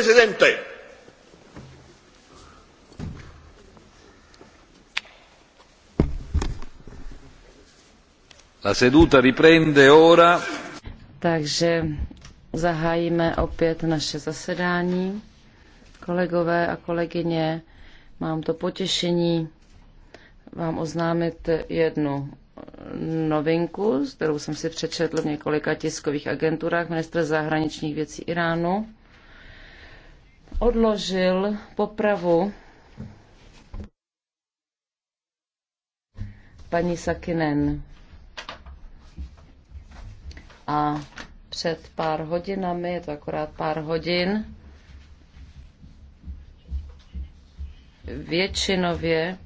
presidente. La seduta riprende ora. Takže zahájíme opět naše zasedání. Kolegové a kolegyně, mám to potěšení vám oznámit jednu novinku, kterou jsem si přečetl v několika tiskových agenturách ministr zahraničních věcí Iránu odložil popravu paní Sakinen. A před pár hodinami, je to akorát pár hodin, většinově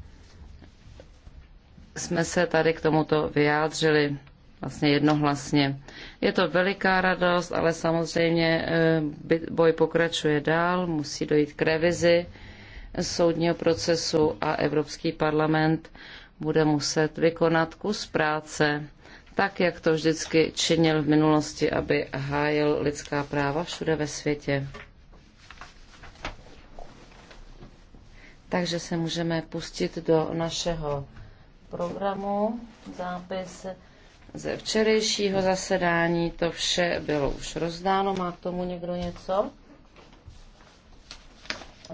jsme se tady k tomuto vyjádřili vlastně jednohlasně. Je to veliká radost, ale samozřejmě eh, boj pokračuje dál, musí dojít k revizi soudního procesu a Evropský parlament bude muset vykonat kus práce, tak jak to vždycky činil v minulosti, aby hájil lidská práva všude ve světě. Takže se můžeme pustit do našeho programu zápis ze včerejšího zasedání. To vše bylo už rozdáno. Má k tomu někdo něco?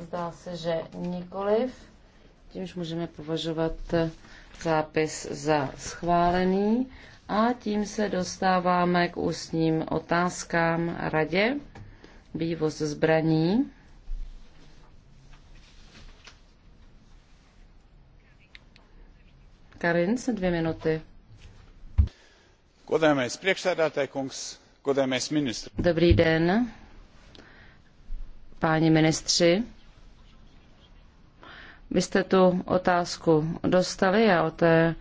Zdá se, že nikoliv. Tímž můžeme považovat eh, zápis za schválený. A tím se dostáváme k ústním otázkám radě. Vývoz zbraní. se dvě minuty. Dobrý den, páni ministři. Vy jste tu otázku dostali Já o té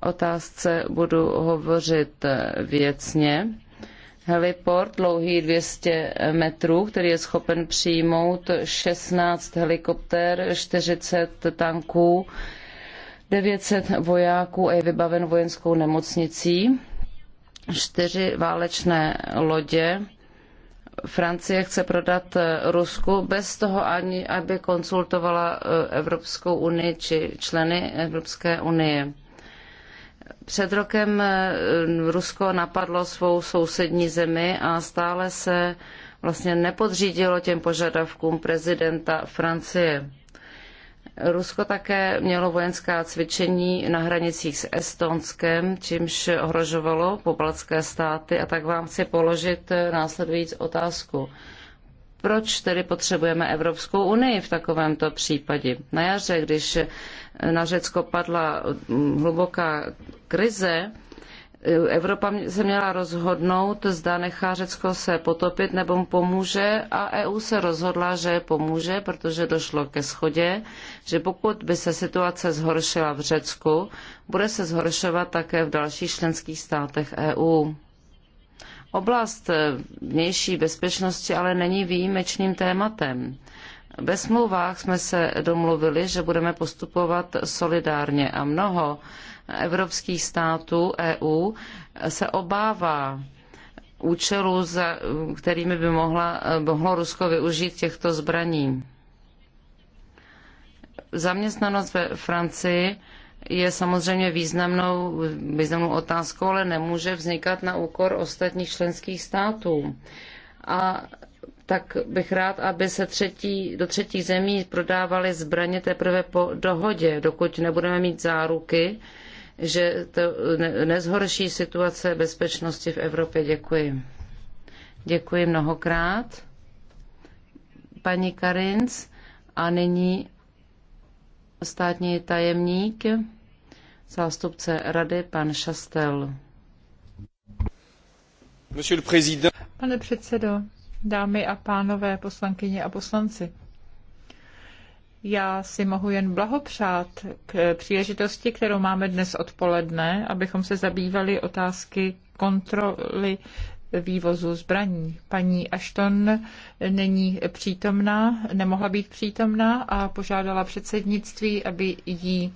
otázce budu hovořit eh, věcně. Heliport dlouhý 200 metrů, který je schopen přijmout 16 helikoptér, 40 tanků, hundred vojáků a je vybaven vojenskou nemocnicí čtyři válečné lodě Francie chce prodat eh, Rusku bez toho, ani aby konzultovala eh, Evropskou unii či členy Evropské unie. Před rokem eh, Rusko napadlo svou sousední zemi a stále se vlastně nepodřídilo těm požadavkům prezidenta Francie. Rusko také mělo vojenská cvičení na hranicích s Estonskem, čímž ohrožovalo pobaltské státy a tak vám chci položit eh, následující otázku. Proč tedy potřebujeme Evropskou unii v takovémto případě? Na jaře, když eh, na Řecko padla hm, hluboká krize, Evropa se měla rozhodnout, zda nechá Řecko se potopit nebo mu pomůže a EU se rozhodla, že pomůže, protože došlo ke schodě, že pokud by se situace zhoršila v Řecku, bude se zhoršovat také v dalších členských státech EU. Oblast vnější bezpečnosti ale není výjimečným tématem. Ve smlouvách jsme se domluvili, že budeme postupovat solidárně a mnoho evropských států EU se obává účelů, za kterými by mohla, mohlo Rusko využít těchto zbraní. Zaměstnanost ve Francii je samozřejmě významnou, významnou otázkou, ale nemůže vznikat na úkor ostatních členských států. A tak bych rád, aby se třetí, do třetích zemí prodávaly zbraně teprve po dohodě, dokud nebudeme mít záruky, že to nezhorší situace bezpečnosti v Evropě. Děkuji. Děkuji mnohokrát. Paní Karinc a nyní státní tajemník, zástupce rady, pan Šastel. Pane předsedo, dámy a pánové, poslankyně a poslanci. Já si mohu jen blahopřát k příležitosti, kterou máme dnes odpoledne, abychom se zabývali otázky kontroly vývozu zbraní. Paní Ashton není přítomná, nemohla být přítomná a požádala předsednictví, aby jí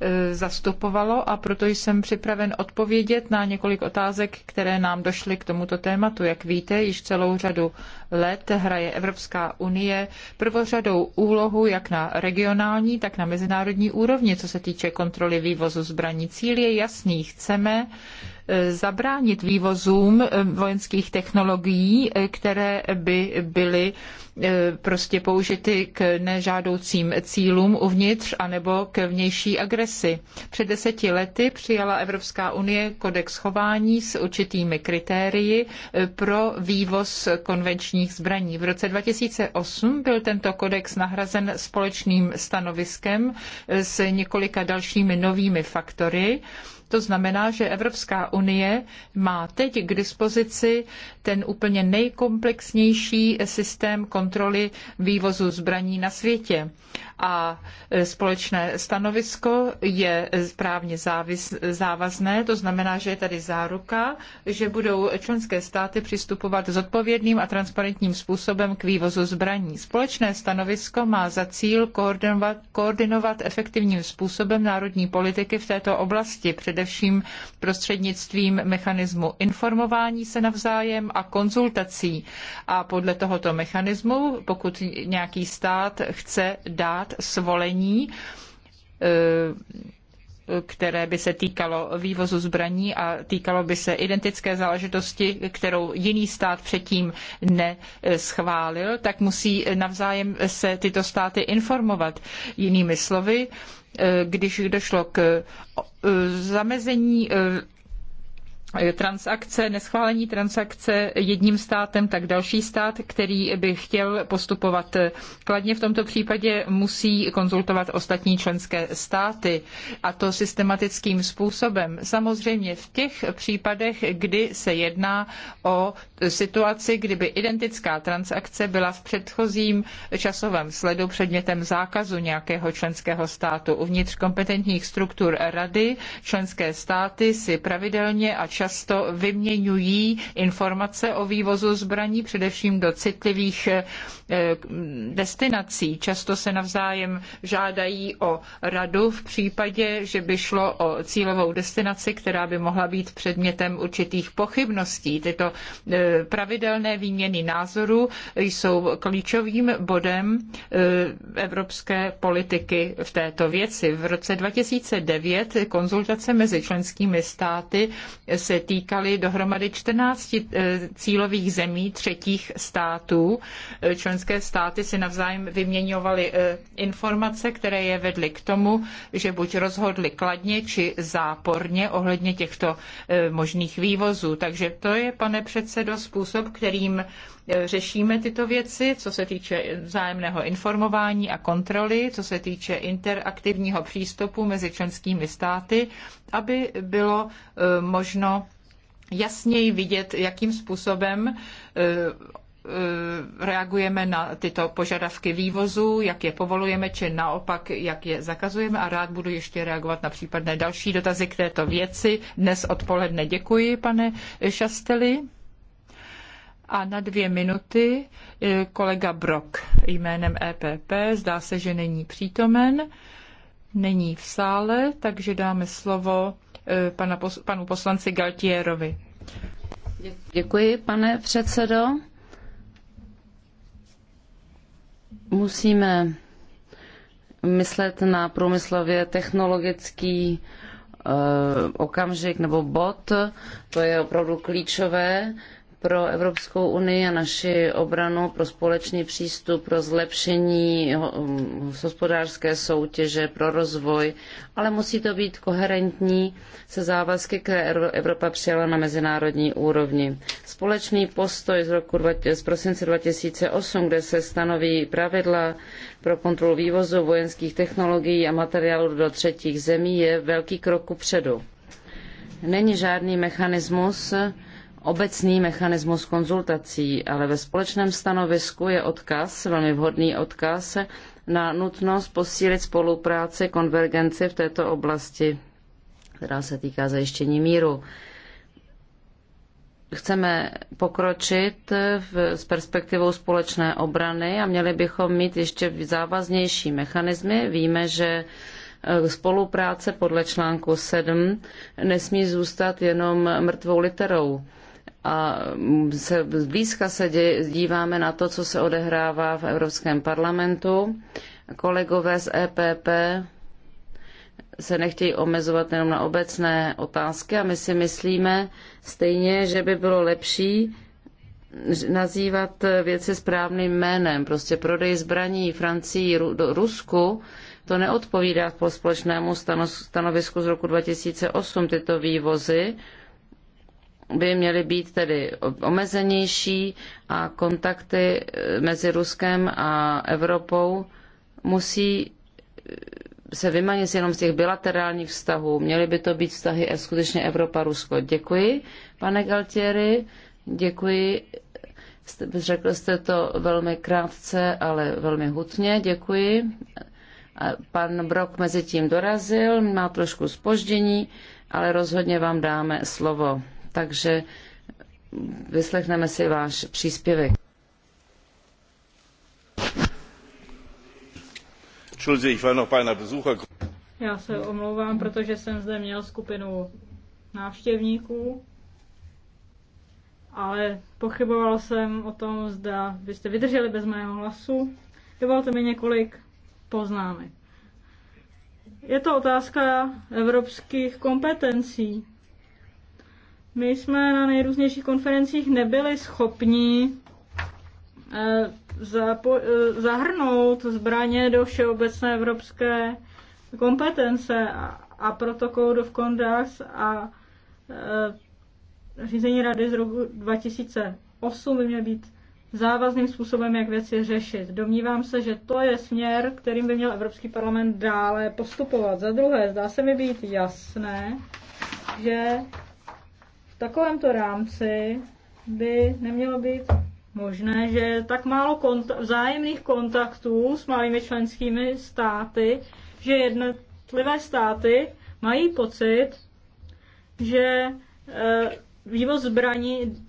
e, zastupovalo a proto jsem připraven odpovědět na několik otázek, které nám došly k tomuto tématu. Jak víte, již celou řadu let hraje Evropská unie prvořadou úlohu jak na regionální, tak na mezinárodní úrovni, co se týče kontroly vývozu zbraní. Cíl je jasný. Chceme e, zabránit vývozům e, vojenských technologií, e, které by byly prostě použity k nežádoucím cílům uvnitř anebo k vnější agresi. Před deseti lety přijala Evropská unie kodex chování s určitými kritérii pro vývoz konvenční konvenčních zbraní. V roce 2008 byl tento kodex nahrazen společným stanoviskem s několika dalšími novými faktory to znamená, že Evropská unie má teď k dispozici ten úplně nejkomplexnější systém kontroly vývozu zbraní na světě. A e, společné stanovisko je právně závis, závazné, to znamená, že je tady záruka, že budou členské státy přistupovat zodpovědným a transparentním způsobem k vývozu zbraní. Společné stanovisko má za cíl koordinovat, koordinovat efektivním způsobem národní politiky v této oblasti, především především prostřednictvím mechanismu informování se navzájem a konzultací. A podle tohoto mechanismu, pokud nějaký stát chce dát svolení, eh, které by se týkalo vývozu zbraní a týkalo by se identické záležitosti, kterou jiný stát předtím neschválil, tak musí navzájem se tyto státy informovat. Jinými slovy, Eh, když došlo k eh, eh, zamezení Eh, transakce, neschválení transakce jedním státem, tak další stát, který by chtěl postupovat eh, kladně v tomto případě, musí konzultovat ostatní členské státy a to systematickým způsobem. Samozřejmě v těch případech, kdy se jedná o situaci, kdyby identická transakce byla v předchozím časovém sledu předmětem zákazu nějakého členského státu. Uvnitř kompetentních struktur rady členské státy si pravidelně a často vyměňují informace o vývozu zbraní, především do citlivých eh, destinací. Často se navzájem žádají o radu v případě, že by šlo o cílovou destinaci, která by mohla být předmětem určitých pochybností. Tyto eh, pravidelné výměny názorů jsou klíčovým bodem eh, evropské politiky v této věci. V roce 2009 konzultace mezi členskými státy se se týkaly dohromady 14 eh, cílových zemí třetích států. Eh, členské státy si navzájem vyměňovaly eh, informace, které je vedly k tomu, že buď rozhodly kladně či záporně ohledně těchto možných vývozů. Takže to je, pane předsedo, způsob, kterým řešíme tyto věci, co se týče vzájemného informování a kontroly, co se týče interaktivního přístupu mezi členskými státy, aby bylo možno jasněji vidět, jakým způsobem e, e, reagujeme na tyto požadavky vývozu, jak je povolujeme, či naopak, jak je zakazujeme a rád budu ještě reagovat na případné další dotazy k této věci. Dnes odpoledne děkuji, pane Šasteli. A na dvě minuty e, kolega Brok jménem EPP, zdá se, že není přítomen, není v sále, takže dáme slovo Eh, pana, panu poslanci Galtierovi. Děkuji, pane předsedo. Musíme myslet na průmyslově technologický eh, okamžik nebo bod, to je opravdu klíčové pro Evropskou unii a naši obranu, pro společný přístup, pro zlepšení um, hospodářské soutěže, pro rozvoj, ale musí to být koherentní se závazky, které Evropa přijala na mezinárodní úrovni. Společný postoj z, roku, z prosince 2008, kde se stanoví pravidla pro kontrolu vývozu vojenských technologií a materiálů do třetích zemí, je velký krok kupředu. Není žádný mechanismus, obecný mechanismus konzultací, ale ve společném stanovisku je odkaz, velmi vhodný odkaz, na nutnost posílit spolupráci, konvergenci v této oblasti, která se týká zajištění míru. Chceme pokročit v, s perspektivou společné obrany a měli bychom mít ještě závaznější mechanismy. Víme, že eh, spolupráce podle článku 7 nesmí zůstat jenom mrtvou literou a se, zblízka se díváme na to, co se odehrává v Evropském parlamentu. Kolegové z EPP se nechtějí omezovat jenom na obecné otázky a my si myslíme stejně, že by bylo lepší nazývat věci správným jménem. Prostě prodej zbraní Francii do Rusku to neodpovídá po společnému stanovisku z roku 2008 tyto vývozy by měly být tedy omezenější a kontakty mezi Ruskem a Evropou musí eh, se vymanit jenom z těch bilaterálních vztahů. Měly by to být vztahy e, skutečně Evropa-Rusko. Děkuji, pane Galtieri, děkuji. Řekl jste to velmi krátce, ale velmi hutně. Děkuji. Pan Brok mezi tím dorazil, má trošku spoždění, ale rozhodně vám dáme slovo takže vyslechneme si váš příspěvek. Já se omlouvám, protože jsem zde měl skupinu návštěvníků, ale pochyboval jsem o tom, zda byste vydrželi bez mého hlasu. Dovolte mi několik poznámek. Je to otázka evropských kompetencí. My jsme na nejrůznějších konferencích nebyli schopni eh, eh, zahrnout zbraně do všeobecné evropské kompetence a protokol do Conduct a eh, řízení rady z roku 2008 by měl být závazným způsobem, jak věci řešit. Domnívám se, že to je směr, kterým by měl Evropský parlament dále postupovat. Za druhé, zdá se mi být jasné, že takovémto rámci by nemělo být možné, že tak málo konta- vzájemných kontaktů s malými členskými státy, že jednotlivé státy mají pocit, že e, vývoz zbraní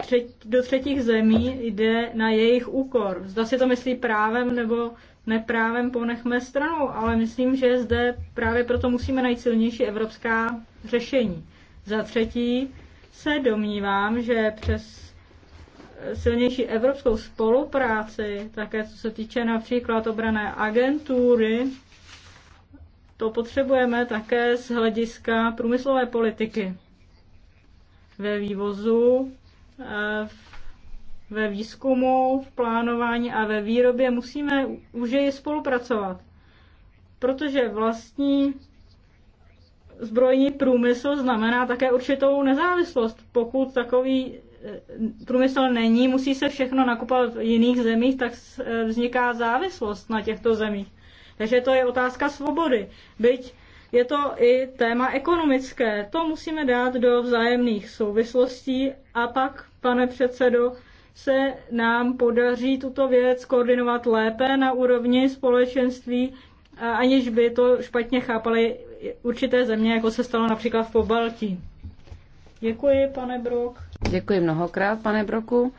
třetí, do třetích zemí jde na jejich úkor. Zda si to myslí právem nebo neprávem ponechme stranou, ale myslím, že zde právě proto musíme najít silnější evropská řešení. Za třetí se domnívám, že přes silnější evropskou spolupráci, také co se týče například obrané agentury, to potřebujeme také z hlediska průmyslové politiky ve vývozu, eh, ve výzkumu, v plánování a ve výrobě musíme už spolupracovat, protože vlastní zbrojní průmysl znamená také určitou nezávislost. Pokud takový eh, průmysl není, musí se všechno nakupovat v jiných zemích, tak eh, vzniká závislost na těchto zemích. Takže to je otázka svobody. Byť je to i téma ekonomické. To musíme dát do vzájemných souvislostí a pak, pane předsedo, se nám podaří tuto věc koordinovat lépe na úrovni společenství, aniž by to špatně chápali určité země, jako se stalo například v Pobaltí. Děkuji, pane Brok. Děkuji mnohokrát, pane Broku.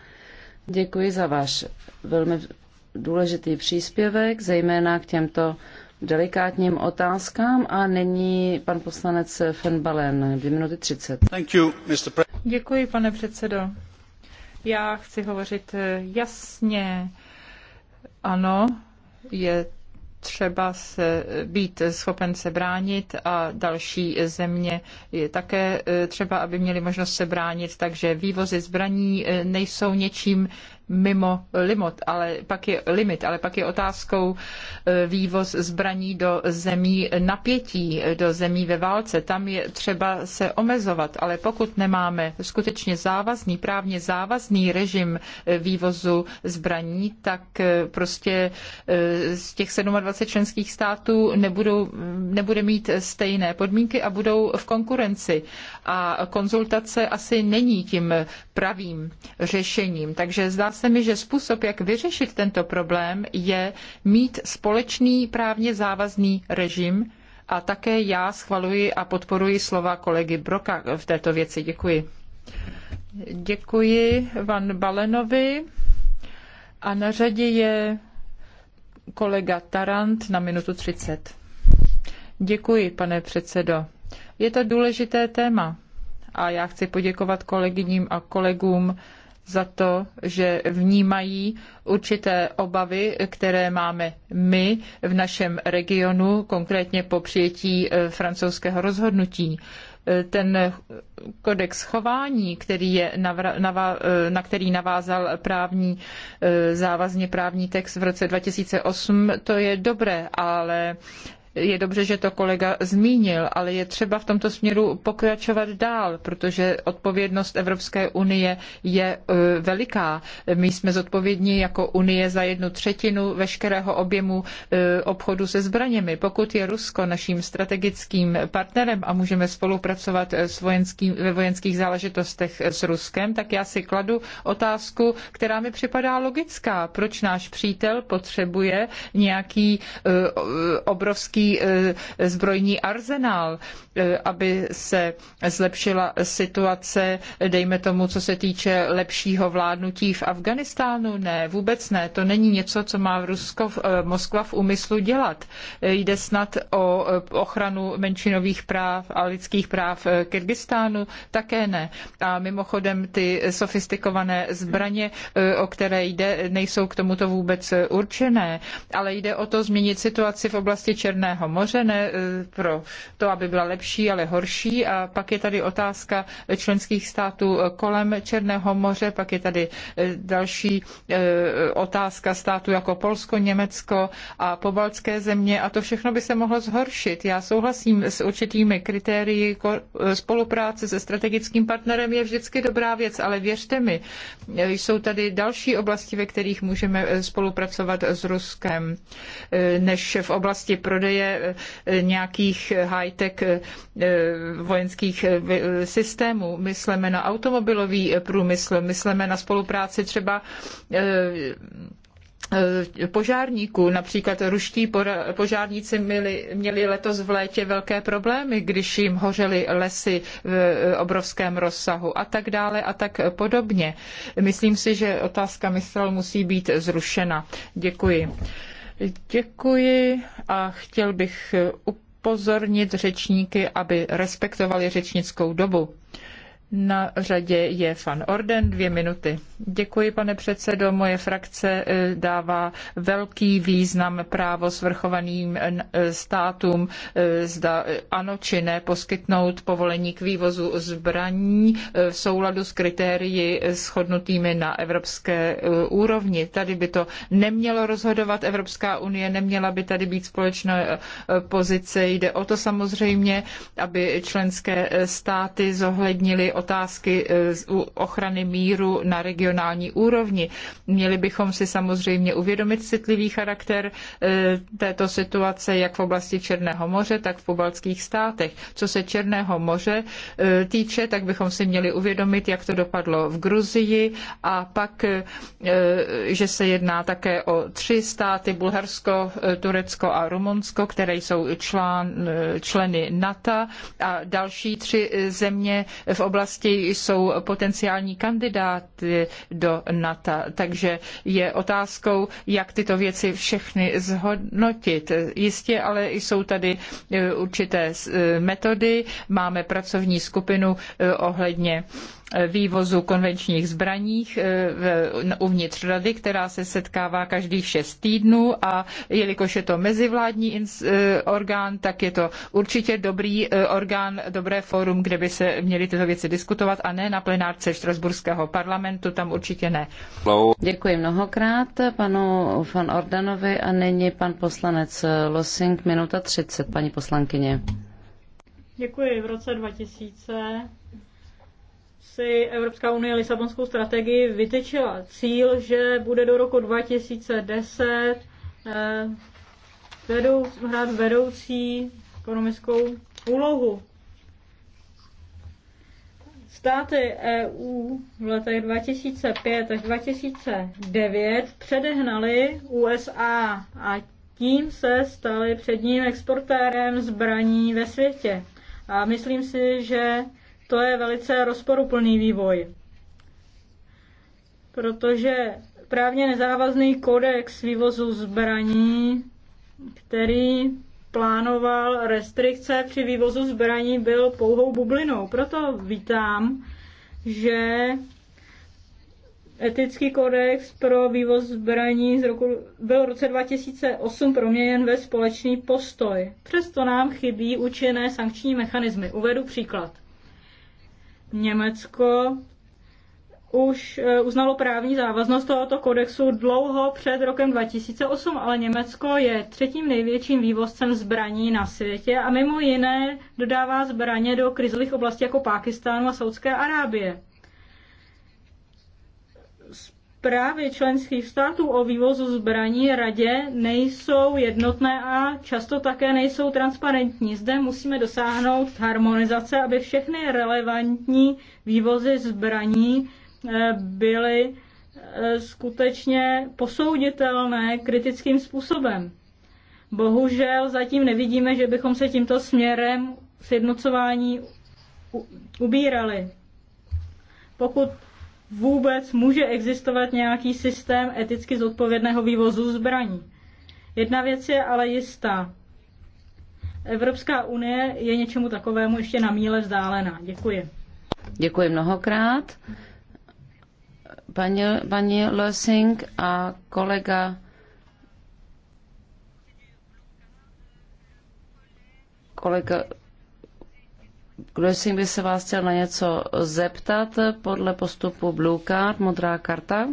Děkuji za váš velmi důležitý příspěvek, zejména k těmto delikátním otázkám a nyní pan poslanec Fenbalen, 2 minuty 30. Thank you, Mr. Děkuji, pane předsedo. Já chci hovořit jasně. Ano, je třeba se, být schopen se bránit a další země je také eh, třeba, aby měly možnost se bránit, takže vývozy zbraní eh, nejsou něčím mimo limit, ale pak je, limit, ale pak je otázkou e, vývoz zbraní do zemí napětí, do zemí ve válce. Tam je třeba se omezovat, ale pokud nemáme skutečně závazný, právně závazný režim e, vývozu zbraní, tak e, prostě z těch 27 členských států nebudou, nebude mít stejné podmínky a budou v konkurenci. A konzultace asi není tím pravým řešením. Takže zdá se mi, že způsob, jak vyřešit tento problém, je mít společný právně závazný režim a také já schvaluji a podporuji slova kolegy Broka v této věci. Děkuji. Děkuji Van Balenovi a na řadě je kolega Tarant na minutu 30. Děkuji, pane předsedo. Je to důležité téma a já chci poděkovat kolegyním a kolegům za to, že vnímají určité obavy, které máme my v našem regionu, konkrétně po přijetí e, francouzského rozhodnutí e, ten kodex chování, který je e, na který navázal právní, závazně právní text v roce 2008, to je dobré, ale je dobře, že to kolega zmínil, ale je třeba v tomto směru pokračovat dál, protože odpovědnost Evropské unie je e, veliká. My jsme zodpovědní jako unie za jednu třetinu veškerého objemu e, obchodu se zbraněmi. Pokud je Rusko naším strategickým partnerem a můžeme spolupracovat e, s vojenský, ve vojenských záležitostech s Ruskem, tak já si kladu otázku, která mi připadá logická. Proč náš přítel potřebuje nějaký obrovský E, zbrojní arzenál, e, aby se zlepšila situace, dejme tomu, co se týče lepšího vládnutí v Afghánistánu? Ne, vůbec ne. To není něco, co má Rusko, e, Moskva v úmyslu dělat. Jde snad o ochranu menšinových práv a lidských práv Kyrgyzstánu? Také ne. A mimochodem ty sofistikované zbraně, o které jde, nejsou k tomuto vůbec určené, ale jde o to změnit situaci v oblasti Černého Černého moře, ne e, pro to, aby byla lepší, ale horší. A pak je tady otázka členských států kolem Černého moře, pak je tady e, další e, otázka států jako Polsko, Německo a pobaltské země a to všechno by se mohlo zhoršit. Já souhlasím s určitými kritérii, spolupráce se strategickým partnerem je vždycky dobrá věc, ale věřte mi, jsou tady další oblasti, ve kterých můžeme spolupracovat s Ruskem, než v oblasti prodeje Eh, nějakých high-tech eh, eh, vojenských systémů, myslíme na automobilový průmysl, myslíme na spolupráci třeba požárníků. Například ruští požárníci měli, měli, letos v létě velké problémy, když jim hořely lesy v obrovském rozsahu a tak dále a tak podobně. Myslím si, že otázka Mistral musí být zrušena. Děkuji. Děkuji a chtěl bych upozornit řečníky, aby respektovali řečnickou dobu. Na řadě je fan Orden, dvě minuty. Děkuji, pane předsedo. Moje frakce eh, dává velký význam právo svrchovaným eh, státům, eh, zda ano či ne, poskytnout povolení k vývozu zbraní v souladu s kritérii shodnutými na evropské úrovni. Tady by to nemělo rozhodovat Evropská unie, neměla by tady být společná pozice. Jde o to samozřejmě, aby členské státy zohlednily otázky eh, ochrany míru na regionální úrovni. Měli bychom si samozřejmě uvědomit citlivý charakter eh, této situace jak v oblasti Černého moře, tak v pobaltských státech. Co se Černého moře eh, týče, tak bychom si měli uvědomit, jak to dopadlo v Gruzii a pak, že se jedná také o tři státy, Bulharsko, Turecko a Rumunsko, které jsou člán, členy NATO a další tři země v oblasti oblasti jsou potenciální kandidáty do NATO, takže je otázkou, jak tyto věci všechny zhodnotit. Jistě ale jsou tady eh, určité eh, metody, máme pracovní skupinu eh, ohledně vývozu konvenčních zbraních eh, uvnitř rady, která se setkává každých šest týdnů a jelikož je to mezivládní eh, orgán, tak je to určitě dobrý eh, orgán, dobré fórum, kde by se měly tyto věci diskutovat a ne na plenárce Štrasburského parlamentu, tam určitě ne. Děkuji mnohokrát panu van Ordanovi a nyní pan poslanec Losing, minuta 30, paní poslankyně. Děkuji. V roce 2000 si Evropská unie Lisabonskou strategii vytečila cíl, že bude do roku 2010 eh, vedou, hrát vedoucí ekonomickou úlohu. Státy EU v letech 2005 až 2009 předehnaly USA a tím se staly předním exportérem zbraní ve světě. A myslím si, že to je velice rozporuplný vývoj, protože právně nezávazný kodex vývozu zbraní, který plánoval restrikce při vývozu zbraní, byl pouhou bublinou. Proto vítám, že etický kodex pro vývoz zbraní z roku, byl v roce 2008 proměněn ve společný postoj. Přesto nám chybí účinné sankční mechanismy. Uvedu příklad. Německo už e, uznalo právní závaznost tohoto kodexu dlouho před rokem 2008, ale Německo je třetím největším vývozcem zbraní na světě a mimo jiné dodává zbraně do krizových oblastí jako Pákistánu a Saudské Arábie právě členských států o vývozu zbraní radě nejsou jednotné a často také nejsou transparentní. Zde musíme dosáhnout harmonizace, aby všechny relevantní vývozy zbraní eh, byly eh, skutečně posouditelné kritickým způsobem. Bohužel zatím nevidíme, že bychom se tímto směrem sjednocování ubírali. Pokud vůbec může existovat nějaký systém eticky zodpovědného vývozu zbraní. Jedna věc je ale jistá. Evropská unie je něčemu takovému ještě na míle vzdálená. Děkuji. Děkuji mnohokrát. Paní, paní Lösing a kolega kolega kdo si by se vás chtěl na něco zeptat podle postupu Blue Card, modrá karta?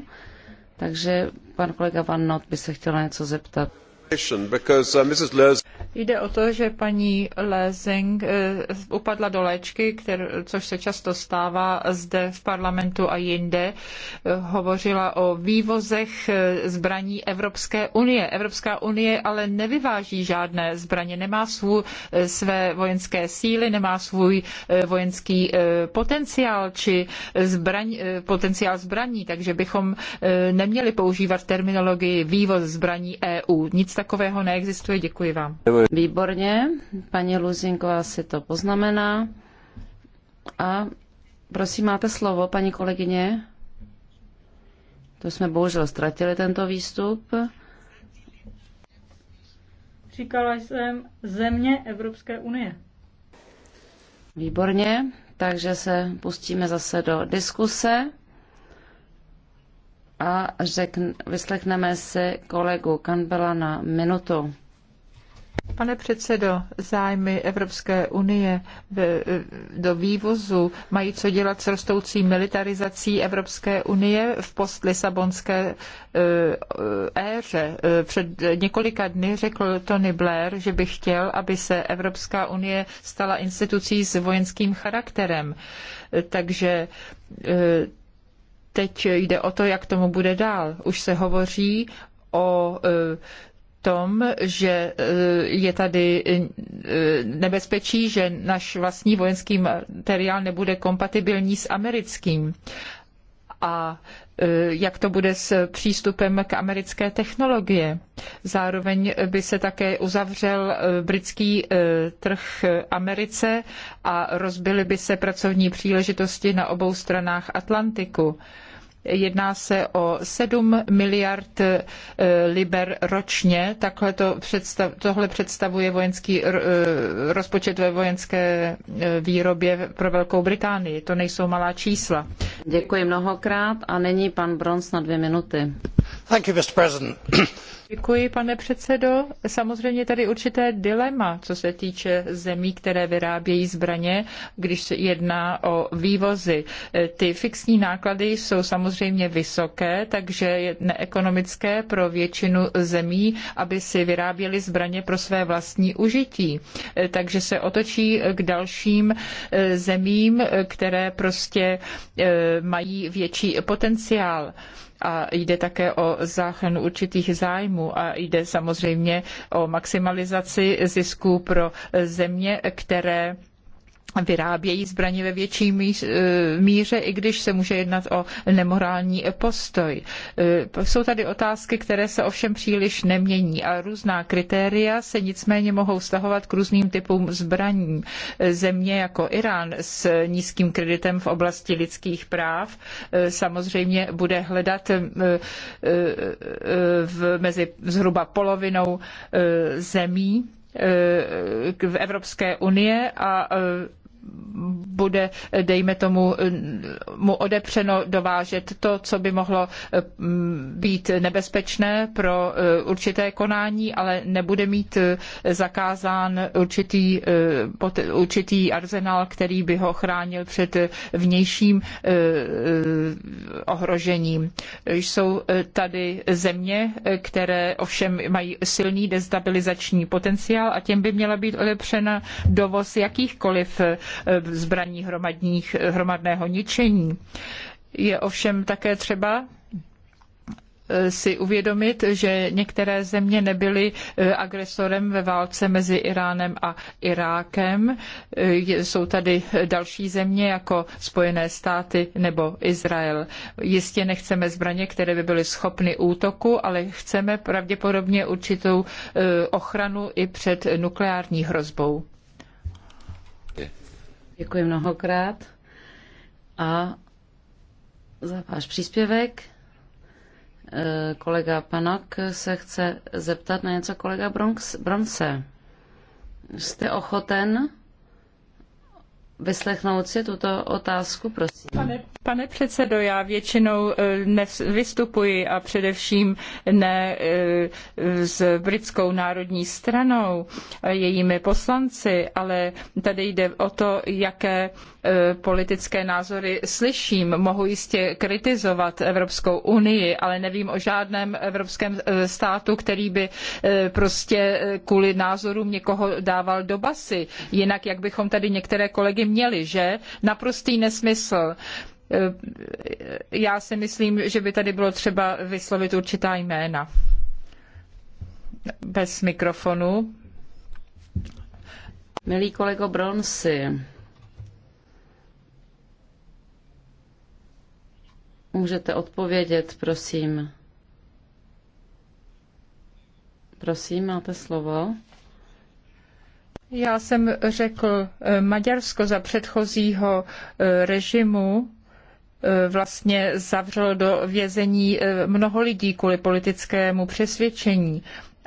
Takže pan kolega Van Not by se chtěl na něco zeptat. Uh, Jde o to, že paní Lezing eh, upadla do léčky, kter, což se často stává zde v parlamentu a jinde. Eh, hovořila o vývozech eh, zbraní Evropské unie. Evropská unie ale nevyváží žádné zbraně, nemá svů, své vojenské síly, nemá svůj vojenský potenciál či zbraň, potenciál zbraní, takže bychom neměli používat terminologii vývoz zbraní EU. Nic takového neexistuje. Děkuji vám. Výborně, paní Luzinková si to poznamená. A prosím, máte slovo, paní kolegyně. To jsme bohužel ztratili, tento výstup. Říkala jsem země Evropské unie. Výborně, takže se pustíme zase do diskuse a řekn, vyslechneme si kolegu Kanbela na minutu. Pane předsedo, zájmy Evropské unie do vývozu mají co dělat s rostoucí militarizací Evropské unie v postlisabonské lisabonské e, e, éře. E, před několika dny řekl Tony Blair, že by chtěl, aby se Evropská unie stala institucí s vojenským charakterem. Takže Teď jde o to, jak tomu bude dál. Už se hovoří o e, tom, že e, je tady e, nebezpečí, že náš vlastní vojenský materiál nebude kompatibilní s americkým. A Eh, jak to bude s přístupem k americké technologie. Zároveň by se také uzavřel eh, britský eh, trh Americe a rozbily by se pracovní příležitosti na obou stranách Atlantiku. Jedná se o 7 miliard eh, liber ročně. Takhle to představ, tohle představuje vojenský eh, rozpočet ve vojenské eh, výrobě pro Velkou Británii. To nejsou malá čísla. Děkuji mnohokrát a nyní pan Brons na dvě minuty. Thank you, Mr. President. Děkuji, pane předsedo. Samozřejmě tady určité dilema, co se týče zemí, které vyrábějí zbraně, když se jedná o vývozy. E, ty fixní náklady jsou samozřejmě vysoké, takže je neekonomické pro většinu zemí, aby si vyráběli zbraně pro své vlastní užití. E, takže se otočí k dalším e, zemím, které prostě mají větší potenciál a jde také o záchranu určitých zájmů a jde samozřejmě o maximalizaci zisků pro země, které vyrábějí zbraně ve větší e, míře, i když se může jednat o nemorální postoj. E, jsou tady otázky, které se ovšem příliš nemění a různá kritéria se nicméně mohou vztahovat k různým typům zbraní. E, země jako Irán s nízkým kreditem v oblasti lidských práv samozřejmě bude hledat mezi zhruba polovinou zemí v Evropské unie a bude, dejme tomu, mu odepřeno dovážet to, co by mohlo mm, být nebezpečné pro eh, určité konání, ale nebude mít eh, zakázán určitý, eh, určitý arzenál, který by ho chránil před vnějším ohrožením. Jsou tady země, které ovšem mají silný destabilizační potenciál a těm by měla být odepřena dovoz jakýchkoliv Eh, zbraní hromadních, hromadného ničení. Je ovšem také třeba eh, si uvědomit, že některé země nebyly eh, agresorem ve válce mezi Iránem a Irákem. Jsou tady další země jako Spojené státy nebo Izrael. Jistě nechceme zbraně, které by byly schopny útoku, ale chceme pravděpodobně určitou ochranu i před nukleární hrozbou. Děkuji mnohokrát a za váš příspěvek. Eh, kolega Panok se chce zeptat na něco kolega Bronx, Bronce. Jste ochoten vyslechnout si tuto otázku, prosím. Pane, pane předsedo, já většinou eh, nevystupuji a především ne eh, s britskou národní stranou, jejími poslanci, ale tady jde o to, jaké E, politické názory slyším. Mohu jistě kritizovat Evropskou unii, ale nevím o žádném evropském e, státu, který by e, prostě kvůli názorům někoho dával do basy. Jinak, jak bychom tady některé kolegy měli, že? Naprostý nesmysl. Já si myslím, že by tady bylo třeba vyslovit určitá jména. Bez mikrofonu. Milý kolego Bronsi, Můžete odpovědět, prosím. Prosím, máte slovo. Já jsem řekl, eh, Maďarsko za předchozího eh, režimu eh, vlastně zavřelo do vězení mnoho lidí kvůli politickému přesvědčení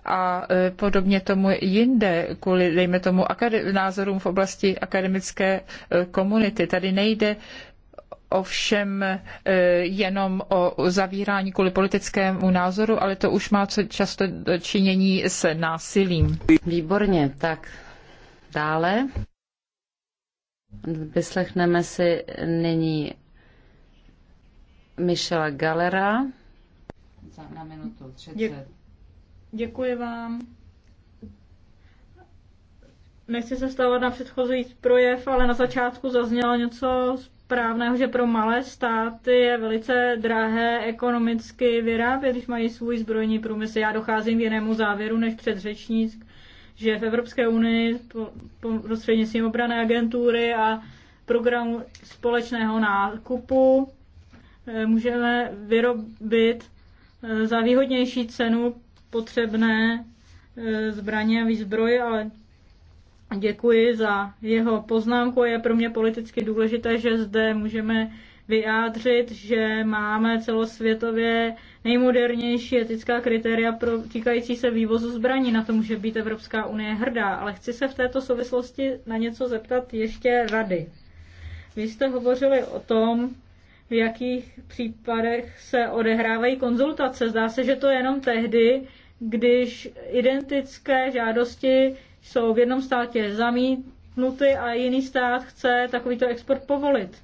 a podobně tomu jinde, kvůli, dejme tomu, názorům v oblasti akademické komunity. Tady nejde ovšem eh, jenom o zavírání kvůli politickému názoru, ale to už má často činění s násilím. Výborně, tak dále. Vyslechneme si nyní Michela Galera na minutu 30. Děkuji vám. Nechci se stávat na předchozí projev, ale na začátku zaznělo něco správného, že pro malé státy je velice drahé ekonomicky vyrábět, když mají svůj zbrojní průmysl. Já docházím k jinému závěru než předřečník, že v Evropské unii prostřednictvím obrané agentury a programu společného nákupu eh, můžeme vyrobit eh, za výhodnější cenu potřebné eh, zbraně a výzbroje, ale děkuji za jeho poznámku. Je pro mě politicky důležité, že zde můžeme vyjádřit, že máme celosvětově nejmodernější etická kritéria pro týkající se vývozu zbraní. Na to může být Evropská unie hrdá, ale chci se v této souvislosti na něco zeptat ještě rady. Vy jste hovořili o tom, v jakých případech se odehrávají konzultace. Zdá se, že to je jenom tehdy, když identické žádosti jsou v jednom státě zamítnuty a jiný stát chce takovýto export povolit.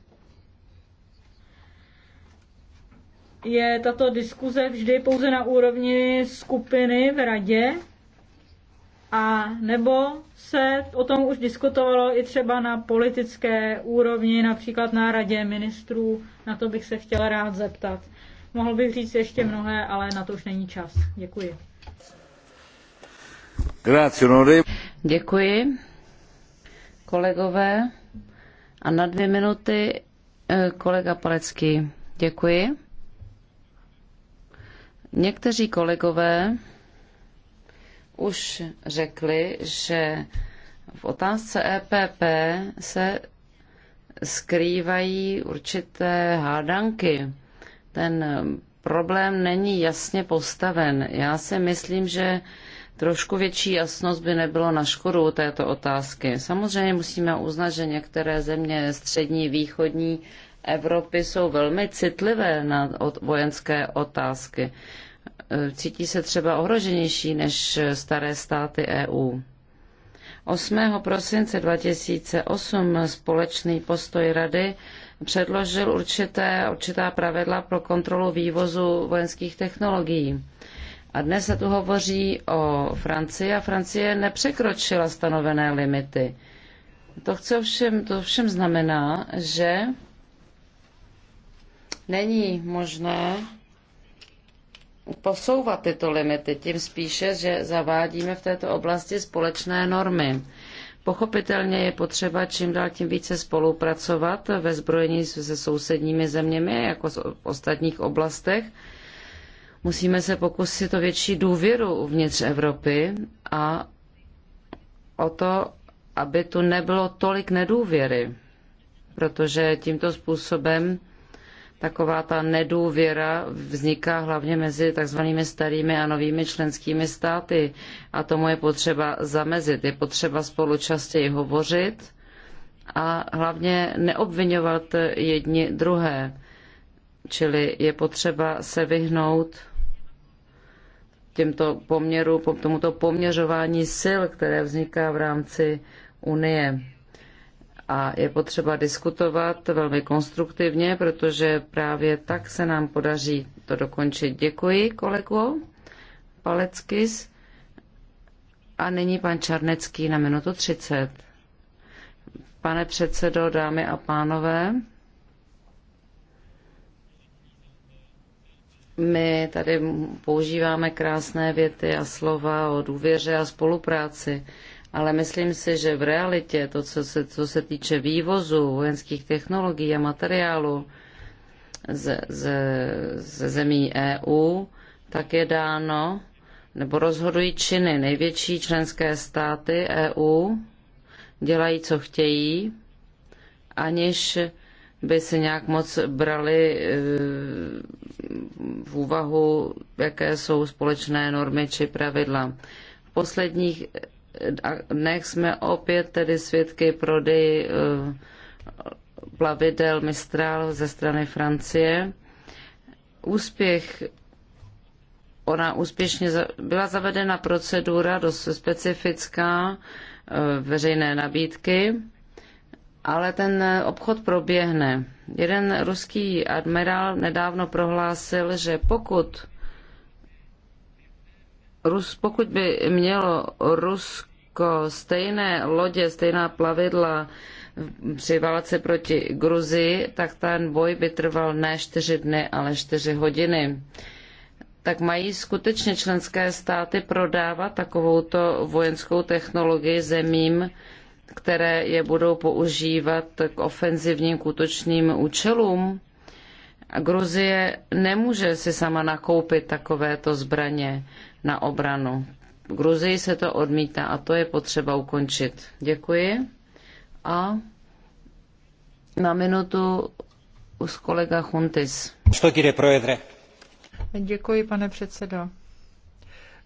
Je tato diskuze vždy pouze na úrovni skupiny v radě, a nebo se o tom už diskutovalo i třeba na politické úrovni, například na radě ministrů, na to bych se chtěla rád zeptat. Mohl bych říct ještě mnohé, ale na to už není čas. Děkuji. Děkuji. Kolegové, a na dvě minuty eh, kolega Palecký. Děkuji. Někteří kolegové už řekli, že v otázce EPP se skrývají určité hádanky. Ten problém není jasně postaven. Já si myslím, že Trošku větší jasnost by nebylo na škodu této otázky. Samozřejmě musíme uznat, že některé země střední, východní Evropy jsou velmi citlivé na vojenské otázky. E, cítí se třeba ohroženější než staré státy EU. 8. prosince 2008 společný postoj Rady předložil určité, určitá pravidla pro kontrolu vývozu vojenských technologií. A dnes se tu hovoří o Francii a Francie nepřekročila stanovené limity. To chce ovšem, to všem znamená, že není možné posouvat tyto limity, tím spíše, že zavádíme v této oblasti společné normy. Pochopitelně je potřeba čím dál tím více spolupracovat ve zbrojení se sousedními zeměmi, jako v ostatních oblastech, Musíme se pokusit o větší důvěru uvnitř Evropy a o to, aby tu nebylo tolik nedůvěry, protože tímto způsobem taková ta nedůvěra vzniká hlavně mezi takzvanými starými a novými členskými státy a tomu je potřeba zamezit. Je potřeba spolu častěji hovořit a hlavně neobvinovat jedni druhé. Čili je potřeba se vyhnout těmto poměru, po tomuto poměřování sil, které vzniká v rámci Unie. A je potřeba diskutovat velmi konstruktivně, protože právě tak se nám podaří to dokončit. Děkuji, kolego Paleckis. A nyní pan Čarnecký na minutu 30. Pane předsedo, dámy a pánové, My tady používáme krásné věty a slova o důvěře a spolupráci, ale myslím si, že v realitě to, co se, co se týče vývozu vojenských technologií a materiálu ze, ze, ze zemí EU, tak je dáno, nebo rozhodují činy. Největší členské státy EU dělají, co chtějí, aniž by se nějak moc brali eh, v úvahu, jaké jsou společné normy či pravidla. V posledních eh, dnech jsme opět tedy svědky prodeji eh, plavidel Mistral ze strany Francie. Úspěch ona úspěšně byla zavedena procedura dost specifická veřejné nabídky ale ten obchod proběhne. Jeden ruský admirál nedávno prohlásil, že pokud, Rus, pokud by mělo Rusko stejné lodě, stejná plavidla při válce proti Gruzii, tak ten boj by trval ne čtyři dny, ale čtyři hodiny. Tak mají skutečně členské státy prodávat takovouto vojenskou technologii zemím, které je budou používat k ofenzivním, k útočným účelům. Gruzie nemůže si sama nakoupit takovéto zbraně na obranu. V Gruzii se to odmítá a to je potřeba ukončit. Děkuji. A na minutu už kolega Huntis. Děkuji, pane předsedo.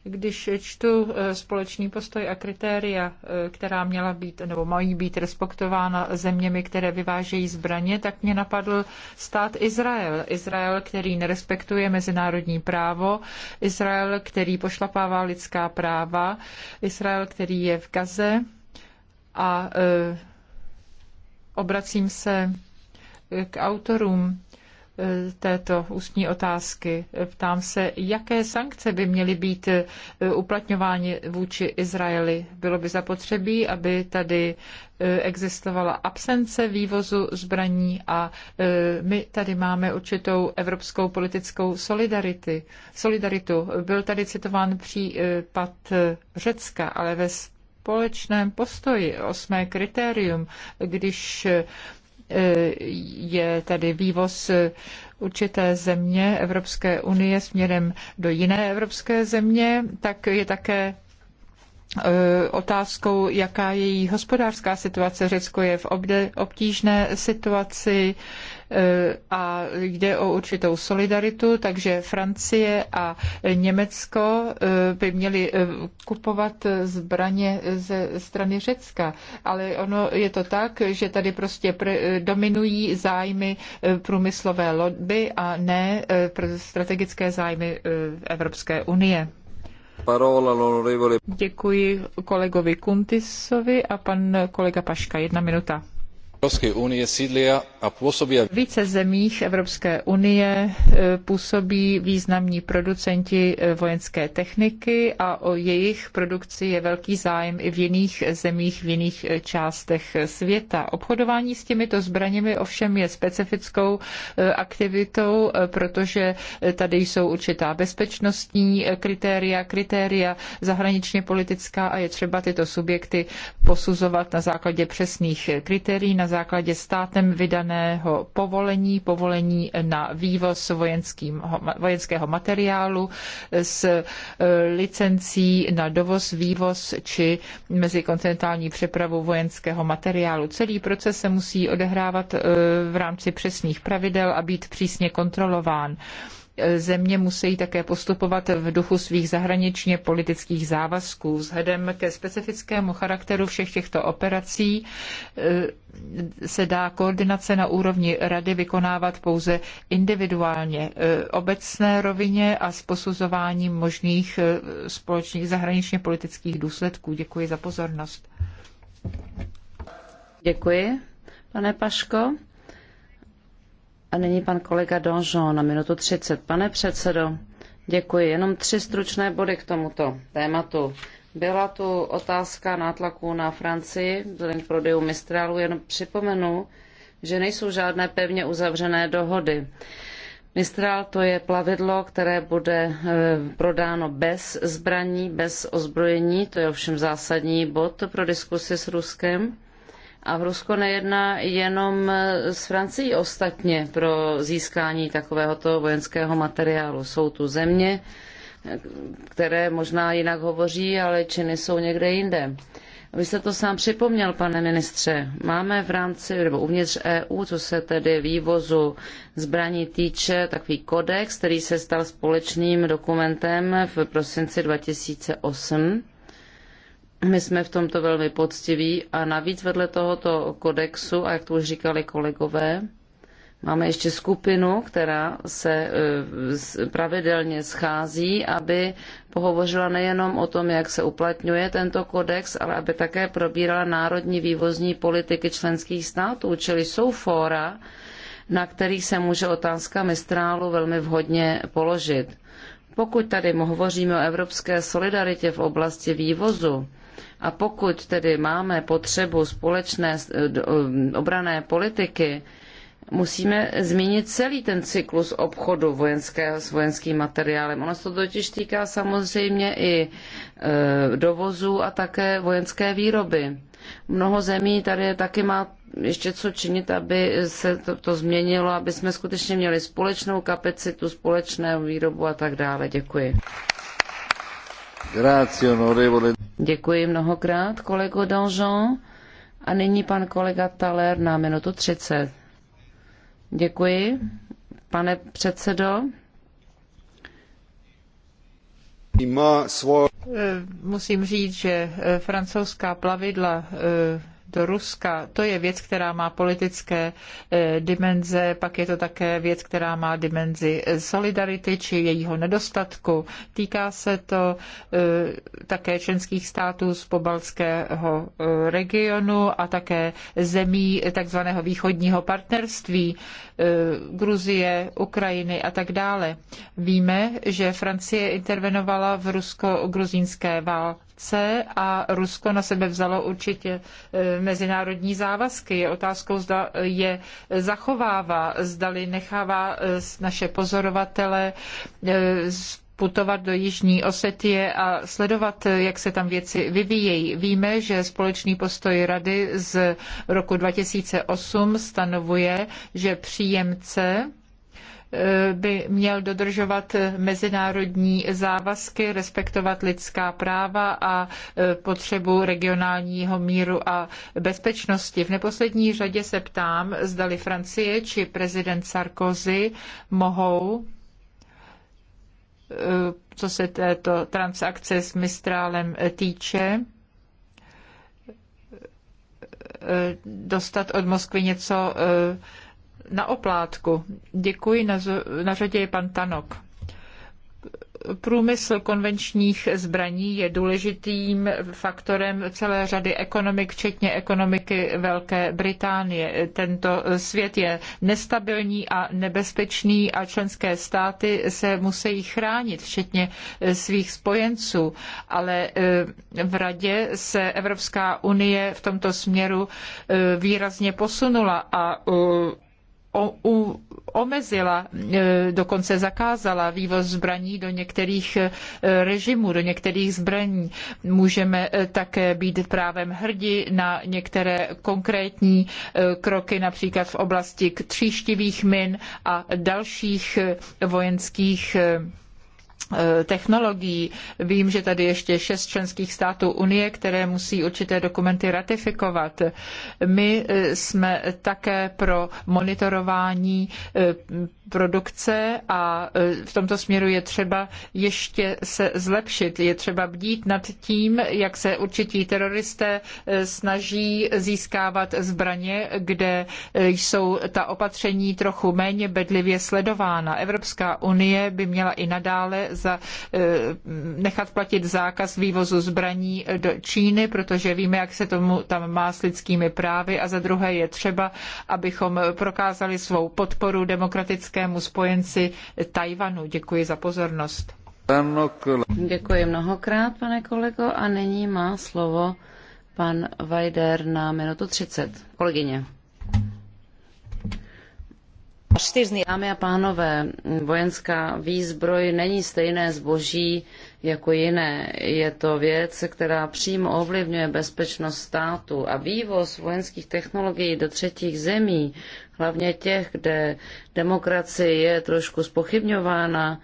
Když čtu eh, společný postoj a kritéria, eh, která měla být nebo mají být respektována zeměmi, které vyvážejí zbraně, tak mě napadl stát Izrael. Izrael, který nerespektuje mezinárodní právo, Izrael, který pošlapává lidská práva, Izrael, který je v Gaze a eh, obracím se k autorům Eh, této ústní otázky. Ptám se, jaké sankce by měly být eh, uplatňovány vůči Izraeli. Bylo by zapotřebí, aby tady eh, existovala absence vývozu zbraní a my tady máme určitou evropskou politickou solidarity, solidaritu. Byl tady citován případ Řecka, ale ve společném postoji, osmé kritérium, když je tady vývoz určité země Evropské unie směrem do jiné evropské země, tak je také Eh, otázkou, jaká je její hospodářská situace. Řecko je v obtížné situaci eh, a jde o určitou solidaritu, takže Francie a Německo eh, by měly kupovat zbraně ze strany Řecka. Ale ono je to tak, že tady prostě dominují zájmy průmyslové lobby a ne strategické zájmy Evropské unie. Děkuji kolegovi Kuntisovi a pan kolega Paška. Jedna minuta. V více zemích Evropské unie e, působí významní producenti e, vojenské techniky a o jejich produkci je velký zájem i v jiných zemích, v jiných e, částech světa. Obchodování s těmito zbraněmi ovšem je specifickou aktivitou, protože tady jsou určitá bezpečnostní kritéria, kritéria zahraničně politická a je třeba tyto subjekty posuzovat na základě přesných kritérií, na základě státem vydaného povolení, povolení na vývoz vojenského materiálu s e, licencí na dovoz, vývoz či mezikontinentální přepravu vojenského materiálu. Celý proces se musí odehrávat e, v rámci přesných pravidel a být přísně kontrolován. Země musí také postupovat v duchu svých zahraničně politických závazků. Vzhledem ke specifickému charakteru všech těchto operací eh, se dá koordinace na úrovni rady vykonávat pouze individuálně, eh, obecné rovině a s posuzováním možných eh, společných zahraničně politických důsledků. Děkuji za pozornost. Děkuji, pane Paško. A nyní pan kolega Donjon na minutu 30. Pane předsedo, děkuji. Jenom tři stručné body k tomuto tématu. Byla tu otázka nátlaku na Francii vzhledem k prodeju Mistrálu. Jenom připomenu, že nejsou žádné pevně uzavřené dohody. Mistral to je plavidlo, které bude e, prodáno bez zbraní, bez ozbrojení, to je ovšem zásadní bod pro diskusi s Ruskem. A v Rusko nejedná jenom s Francií ostatně pro získání takovéhoto vojenského materiálu. Jsou tu země, které možná jinak hovoří, ale činy jsou někde jinde. Vy jste to sám připomněl, pane ministře. Máme v rámci nebo uvnitř EU, co se tedy vývozu zbraní týče, takový kodex, který se stal společným dokumentem v prosinci 2008 my jsme v tomto velmi poctiví a navíc vedle tohoto kodexu, a jak to už říkali kolegové, máme ještě skupinu, která se eh, pravidelně schází, aby pohovořila nejenom o tom, jak se uplatňuje tento kodex, ale aby také probírala národní vývozní politiky členských států, čili jsou fóra, na kterých se může otázka mistrálu velmi vhodně položit. Pokud tady hovoříme o evropské solidaritě v oblasti vývozu, a pokud tedy máme potřebu společné eh, eh, obrané politiky, musíme zmínit celý ten cyklus obchodu vojenského s vojenským materiálem. Ono se to totiž týká samozřejmě i eh, dovozu a také vojenské výroby. Mnoho zemí tady taky má ještě co činit, aby se to, to změnilo, aby jsme skutečně měli společnou kapacitu, společnou výrobu a tak dále. Děkuji. Děkuji mnohokrát, kolego Danjean. A nyní pan kolega Taler na minutu 30. Děkuji, pane předsedo. Eh, musím říct, že eh, francouzská plavidla eh, do Ruska. To je věc, která má politické eh, dimenze, pak je to také věc, která má dimenzi eh, solidarity či jejího nedostatku. Týká se to eh, také členských států z pobalského regionu a také zemí takzvaného východního partnerství, Gruzie, Ukrajiny a tak dále. Víme, že Francie intervenovala v rusko-gruzínské válce sankce a Rusko na sebe vzalo určitě e, mezinárodní závazky. Je otázkou, zda je zachovává, zdali nechává e, naše pozorovatele e, putovat do Jižní Osetie a sledovat, jak se tam věci vyvíjejí. Víme, že společný postoj Rady z roku 2008 stanovuje, že příjemce by měl dodržovat mezinárodní závazky, respektovat lidská práva a e, potřebu regionálního míru a bezpečnosti. V neposlední řadě se ptám, zdali Francie či prezident Sarkozy mohou e, co se této transakce s Mistrálem týče, e, dostat od Moskvy něco na oplátku. Děkuji, na, na řadě je pan Tanok. Průmysl konvenčních zbraní je důležitým faktorem celé řady ekonomik, včetně ekonomiky Velké Británie. Tento svět je nestabilní a nebezpečný a členské státy se musí chránit, včetně svých spojenců. Ale eh, v Radě se Evropská unie v tomto směru eh, výrazně posunula a eh, omezila, e, dokonce zakázala vývoz zbraní do některých e, režimů, do některých zbraní. Můžeme e, také být právem hrdi na některé konkrétní kroky, například v oblasti tříštivých min a dalších vojenských Eh, technologií. Vím, že tady ještě šest členských států Unie, které musí určité dokumenty ratifikovat. My eh, jsme také pro monitorování eh, produkce a v tomto směru je třeba ještě se zlepšit. Je třeba bdít nad tím, jak se určití teroristé snaží získávat zbraně, kde jsou ta opatření trochu méně bedlivě sledována. Evropská unie by měla i nadále za, eh, nechat platit zákaz vývozu zbraní do Číny, protože víme, jak se tomu tam má s lidskými právy a za druhé je třeba, abychom prokázali svou podporu demokratickému spojenci Tajvanu. Děkuji za pozornost. Děkuji mnohokrát, pane kolego, a nyní má slovo pan Vajder na minutu 30. Kolegyně. Dámy a pánové, vojenská výzbroj není stejné zboží jako jiné. Je to věc, která přímo ovlivňuje bezpečnost státu a vývoz vojenských technologií do třetích zemí, hlavně těch, kde demokracie je trošku spochybňována,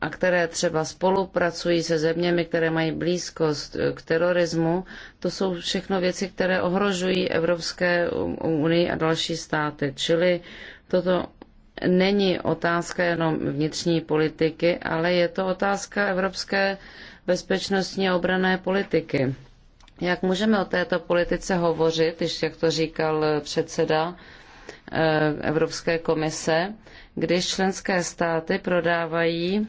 a které třeba spolupracují se zeměmi, které mají blízkost k terorismu, to jsou všechno věci, které ohrožují Evropské unii a další státy. Čili Toto není otázka jenom vnitřní politiky, ale je to otázka evropské bezpečnostní a obrané politiky. Jak můžeme o této politice hovořit, když, jak to říkal předseda eh, Evropské komise, když členské státy prodávají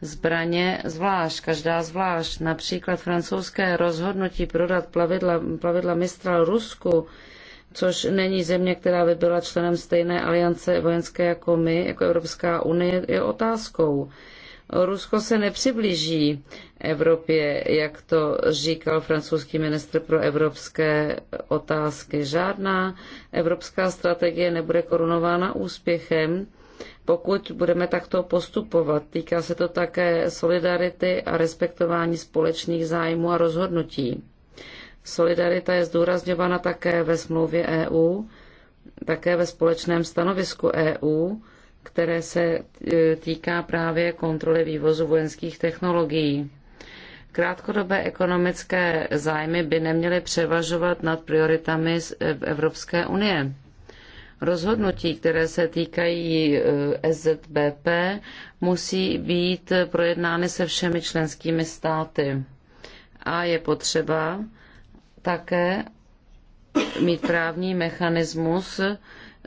zbraně zvlášť, každá zvlášť. Například francouzské rozhodnutí prodat plavidla, plavidla Mistral Rusku což není země, která by byla členem stejné aliance vojenské jako my, jako Evropská unie, je otázkou. Rusko se nepřiblíží Evropě, jak to říkal francouzský ministr pro evropské otázky. Žádná evropská strategie nebude korunována úspěchem, pokud budeme takto postupovat. Týká se to také solidarity a respektování společných zájmů a rozhodnutí. Solidarita je zdůrazňována také ve smlouvě EU, také ve společném stanovisku EU, které se e, týká právě kontroly vývozu vojenských technologií. Krátkodobé ekonomické zájmy by neměly převažovat nad prioritami e, Evropské unie. Rozhodnutí, které se týkají e, SZBP, musí být projednány se všemi členskými státy. A je potřeba, také mít právní mechanismus,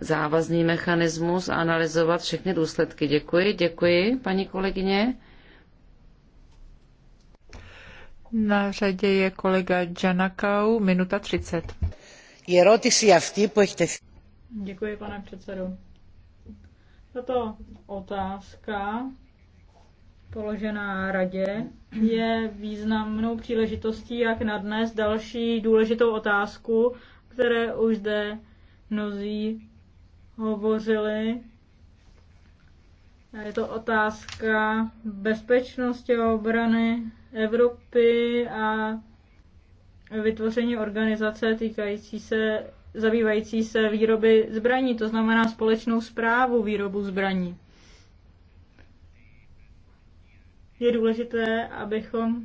závazný mechanismus a analyzovat všechny důsledky. Děkuji, děkuji, paní kolegyně. Na řadě je kolega Janakau, minuta 30. Η ερώτηση a που Děkuji, pane předsedo. Tato otázka položená radě je významnou příležitostí, jak nadnes další důležitou otázku, které už zde mnozí hovořili. Je to otázka bezpečnosti a obrany Evropy a vytvoření organizace týkající se, zabývající se výroby zbraní, to znamená společnou zprávu výrobu zbraní. je důležité, abychom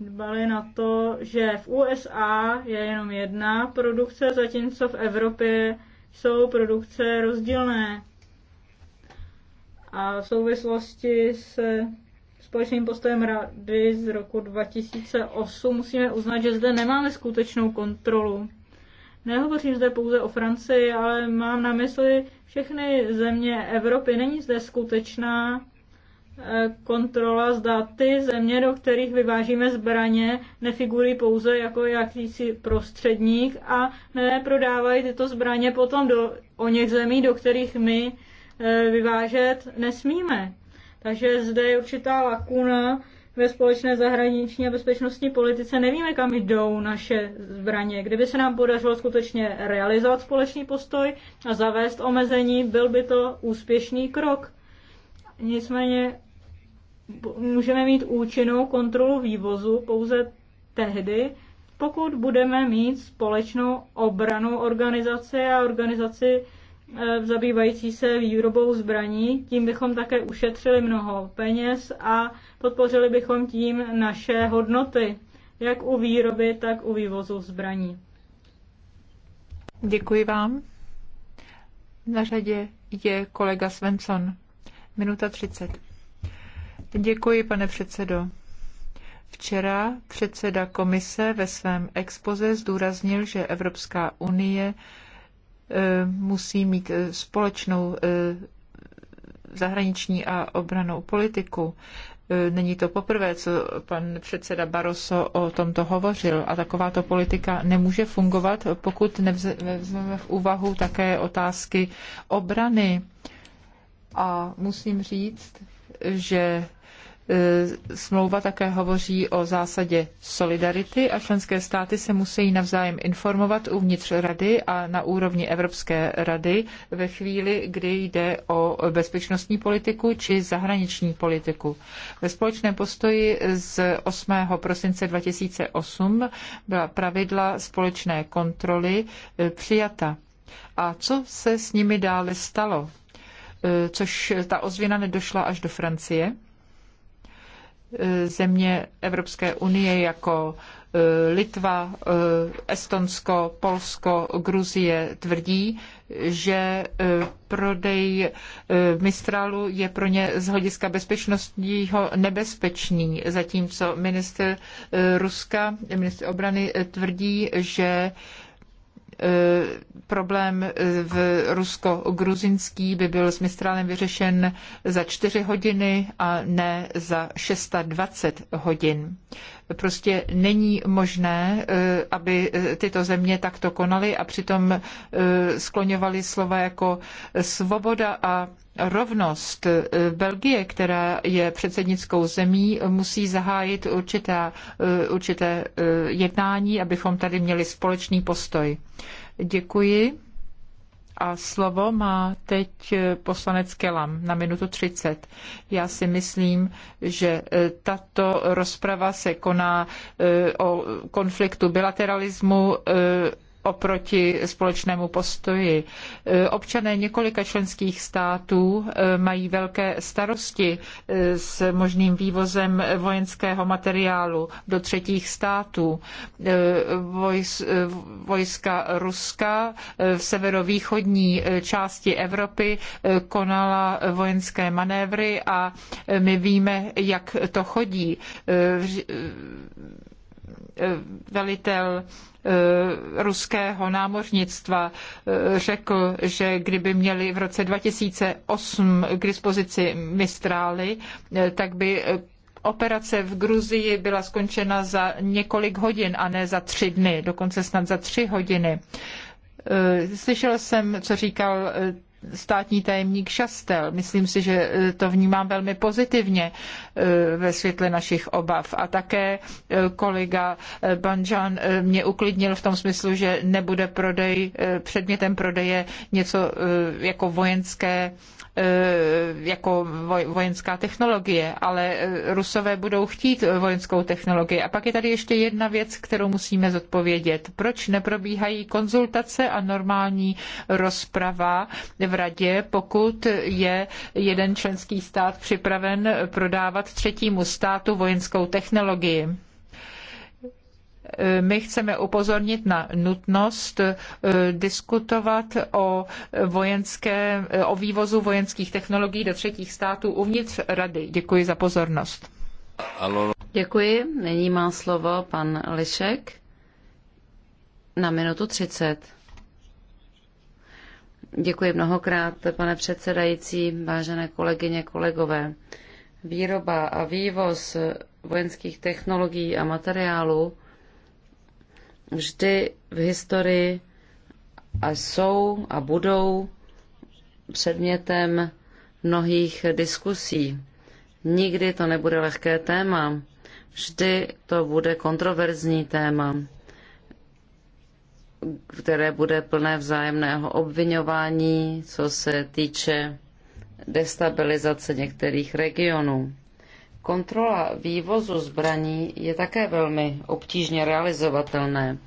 dbali na to, že v USA je jenom jedna produkce, zatímco v Evropě jsou produkce rozdílné. A v souvislosti s společným postojem rady z roku 2008 musíme uznat, že zde nemáme skutečnou kontrolu. Nehovořím zde pouze o Francii, ale mám na mysli všechny země Evropy. Není zde skutečná kontrola, zda ty země, do kterých vyvážíme zbraně, nefigurují pouze jako jakýsi prostředník a neprodávají tyto zbraně potom do o něch zemí, do kterých my eh, vyvážet nesmíme. Takže zde je určitá lakuna ve společné zahraniční a bezpečnostní politice. Nevíme, kam jdou naše zbraně. Kdyby se nám podařilo skutečně realizovat společný postoj a zavést omezení, byl by to úspěšný krok. Nicméně můžeme mít účinnou kontrolu vývozu pouze tehdy, pokud budeme mít společnou obranu organizaci a organizaci eh, zabývající se výrobou zbraní, tím bychom také ušetřili mnoho peněz a podpořili bychom tím naše hodnoty, jak u výroby, tak u vývozu zbraní. Děkuji vám. Na řadě je kolega Svensson. Minuta 30. Děkuji, pane předsedo. Včera předseda komise ve svém expoze zdůraznil, že Evropská unie e, musí mít e, společnou e, zahraniční a obranou politiku. Není to poprvé, co pan předseda Barroso o tomto hovořil a takováto politika nemůže fungovat, pokud nevezmeme v úvahu také otázky obrany. A musím říct, že E, smlouva také hovoří o zásadě solidarity a členské státy se musí navzájem informovat uvnitř rady a na úrovni Evropské rady ve chvíli, kdy jde o bezpečnostní politiku či zahraniční politiku. Ve společném postoji z 8. prosince 2008 byla pravidla společné kontroly e, přijata. A co se s nimi dále stalo? E, což ta ozvěna nedošla až do Francie. Eh, země Evropské unie jako eh, Litva, eh, Estonsko, Polsko, Gruzie tvrdí, že prodej Mistralu je pro ně z hlediska bezpečnostního nebezpečný, zatímco minister Ruska, minister obrany tvrdí, že problém eh, v rusko-gruzinský by byl s Mistrálem vyřešen za čtyři hodiny a ne za 620 hodin. Prostě není možné, eh, aby eh, tyto země takto konaly a přitom skloňovaly slova jako svoboda a rovnost. Eh, Belgie, která je předsednickou zemí, musí zahájit eh, určité, určité eh, jednání, abychom tady měli společný postoj. Děkuji. A slovo má teď poslanec Kelam na minutu 30. Já si myslím, že tato rozprava se koná o konfliktu bilateralismu oproti společnému postoji. E, občané několika členských států e, mají velké starosti e, s možným vývozem vojenského materiálu do třetích států. Vojska Ruska v severovýchodní části Evropy konala vojenské manévry a my víme, jak to chodí Eh, velitel eh, ruského námořnictva eh, řekl, že kdyby měli v roce 2008 k dispozici mistrály, tak by operace v Gruzii byla skončena za několik hodin a ne za tři dny, dokonce snad za tři hodiny. Slyšel jsem, co říkal státní tajemník Šastel. Myslím si, že eh, to vnímám velmi pozitivně eh, ve světle našich obav. A také eh, kolega Banžan mě uklidnil v tom smyslu, že nebude prodej, předmětem prodeje něco jako vojenské jako vojenská technologie, ale rusové budou chtít vojenskou technologii. A pak je tady ještě jedna věc, kterou musíme zodpovědět. Proč neprobíhají konzultace a normální rozprava v radě, pokud je jeden členský stát připraven prodávat třetímu státu vojenskou technologii my chceme upozornit na nutnost eh, diskutovat o, vojenské, eh, o vývozu vojenských technologií do třetích států uvnitř Rady. Děkuji za pozornost. Děkuji. Nyní má slovo pan Lišek na minutu 30. Děkuji mnohokrát, pane předsedající, vážené kolegyně, kolegové. Výroba a vývoz vojenských technologií a materiálů vždy v historii a jsou a budou předmětem mnohých diskusí. Nikdy to nebude lehké téma, vždy to bude kontroverzní téma které bude plné vzájemného obvinování, co se týče destabilizace některých regionů. Kontrola vývozu zbraní je také velmi obtížně realizovatelné.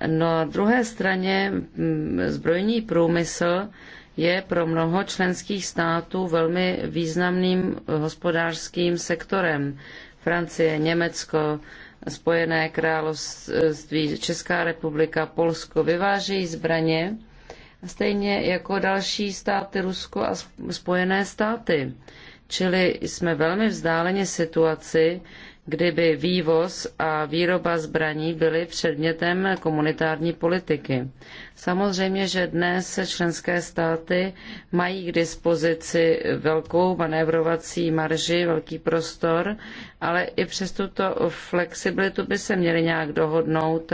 a druhé straně mm, zbrojní průmysl je pro mnoho členských států velmi významným hospodářským sektorem. Francie, Německo, Spojené království, Česká republika, Polsko vyvážejí zbraně, stejně jako další státy Rusko a Spojené státy. Čili jsme velmi vzdáleni situaci, kdyby vývoz a výroba zbraní byly předmětem komunitární politiky. Samozřejmě, že dnes členské státy mají k dispozici velkou manévrovací marži, velký prostor, ale i přes tuto flexibilitu by se měly nějak dohodnout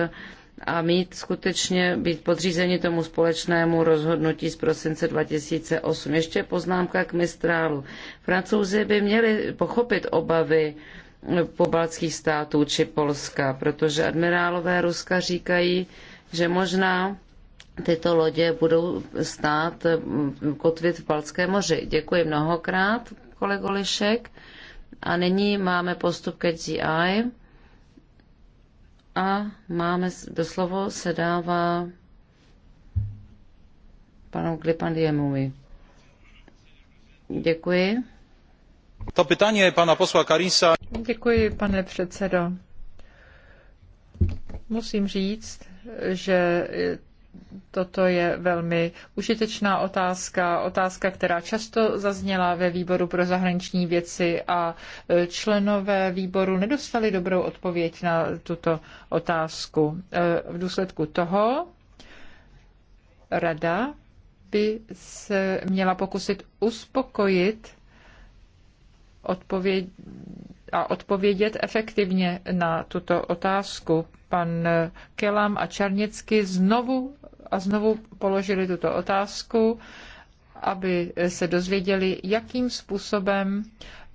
a mít skutečně být podřízeni tomu společnému rozhodnutí z prosince 2008. Ještě poznámka k Mistrálu. Francouzi by měli pochopit obavy pobaltských států či Polska, protože admirálové Ruska říkají, že možná tyto lodě budou stát mm, kotvit v Baltském moři. Děkuji mnohokrát, kolego Lišek. A nyní máme postup ke GI a máme, doslovo se dává panu Glipandiemovi. Děkuji. To pytanie pana posła Karinsa. Děkuji, pane předsedo. Musím říct, že toto je velmi užitečná otázka, otázka, která často zazněla ve výboru pro zahraniční věci a členové výboru nedostali dobrou odpověď na tuto otázku. V důsledku toho rada by se měla pokusit uspokojit odpověd a odpovědět efektivně na tuto otázku. Pan Kelam a Černický znovu a znovu položili tuto otázku, aby se dozvěděli, jakým způsobem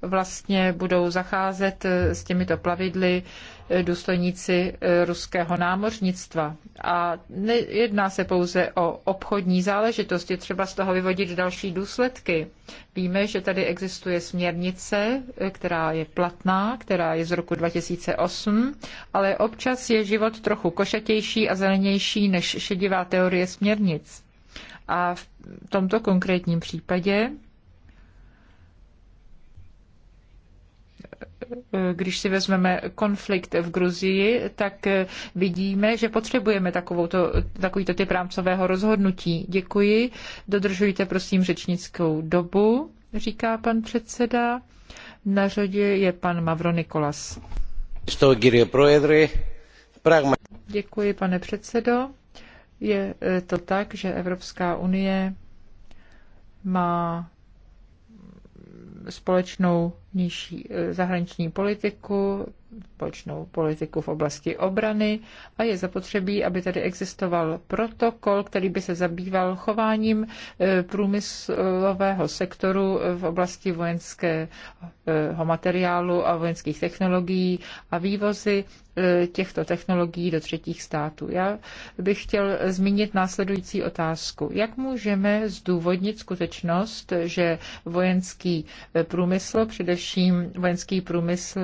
vlastně budou zacházet eh, s těmito plavidly eh, důstojníci eh, ruského námořnictva. A nejedná se pouze o obchodní záležitosti, třeba z toho vyvodit další důsledky. Víme, že tady existuje směrnice, která je platná, která je z roku 2008, ale občas je život trochu košatější a zelenější než šedivá teorie směrnic. A v tomto konkrétním případě když si vezmeme konflikt v Gruzii, tak vidíme, že potřebujeme takovouto, takovýto typ rámcového rozhodnutí. Děkuji. Dodržujte prosím řečnickou dobu, říká pan předseda. Na řadě je pan Mavro Nikolas. Děkuji, pane předsedo. Je to tak, že Evropská unie má společnou nižší eh, zahraniční politiku, společnou politiku v oblasti obrany a je zapotřebí, aby tady existoval protokol, který by se zabýval chováním eh, průmyslového sektoru v oblasti vojenského materiálu a vojenských technologií a vývozy eh, těchto technologií do třetích států. Já bych chtěl zmínit následující otázku. Jak můžeme zdůvodnit skutečnost, že vojenský eh, průmysl, především vojenský průmysl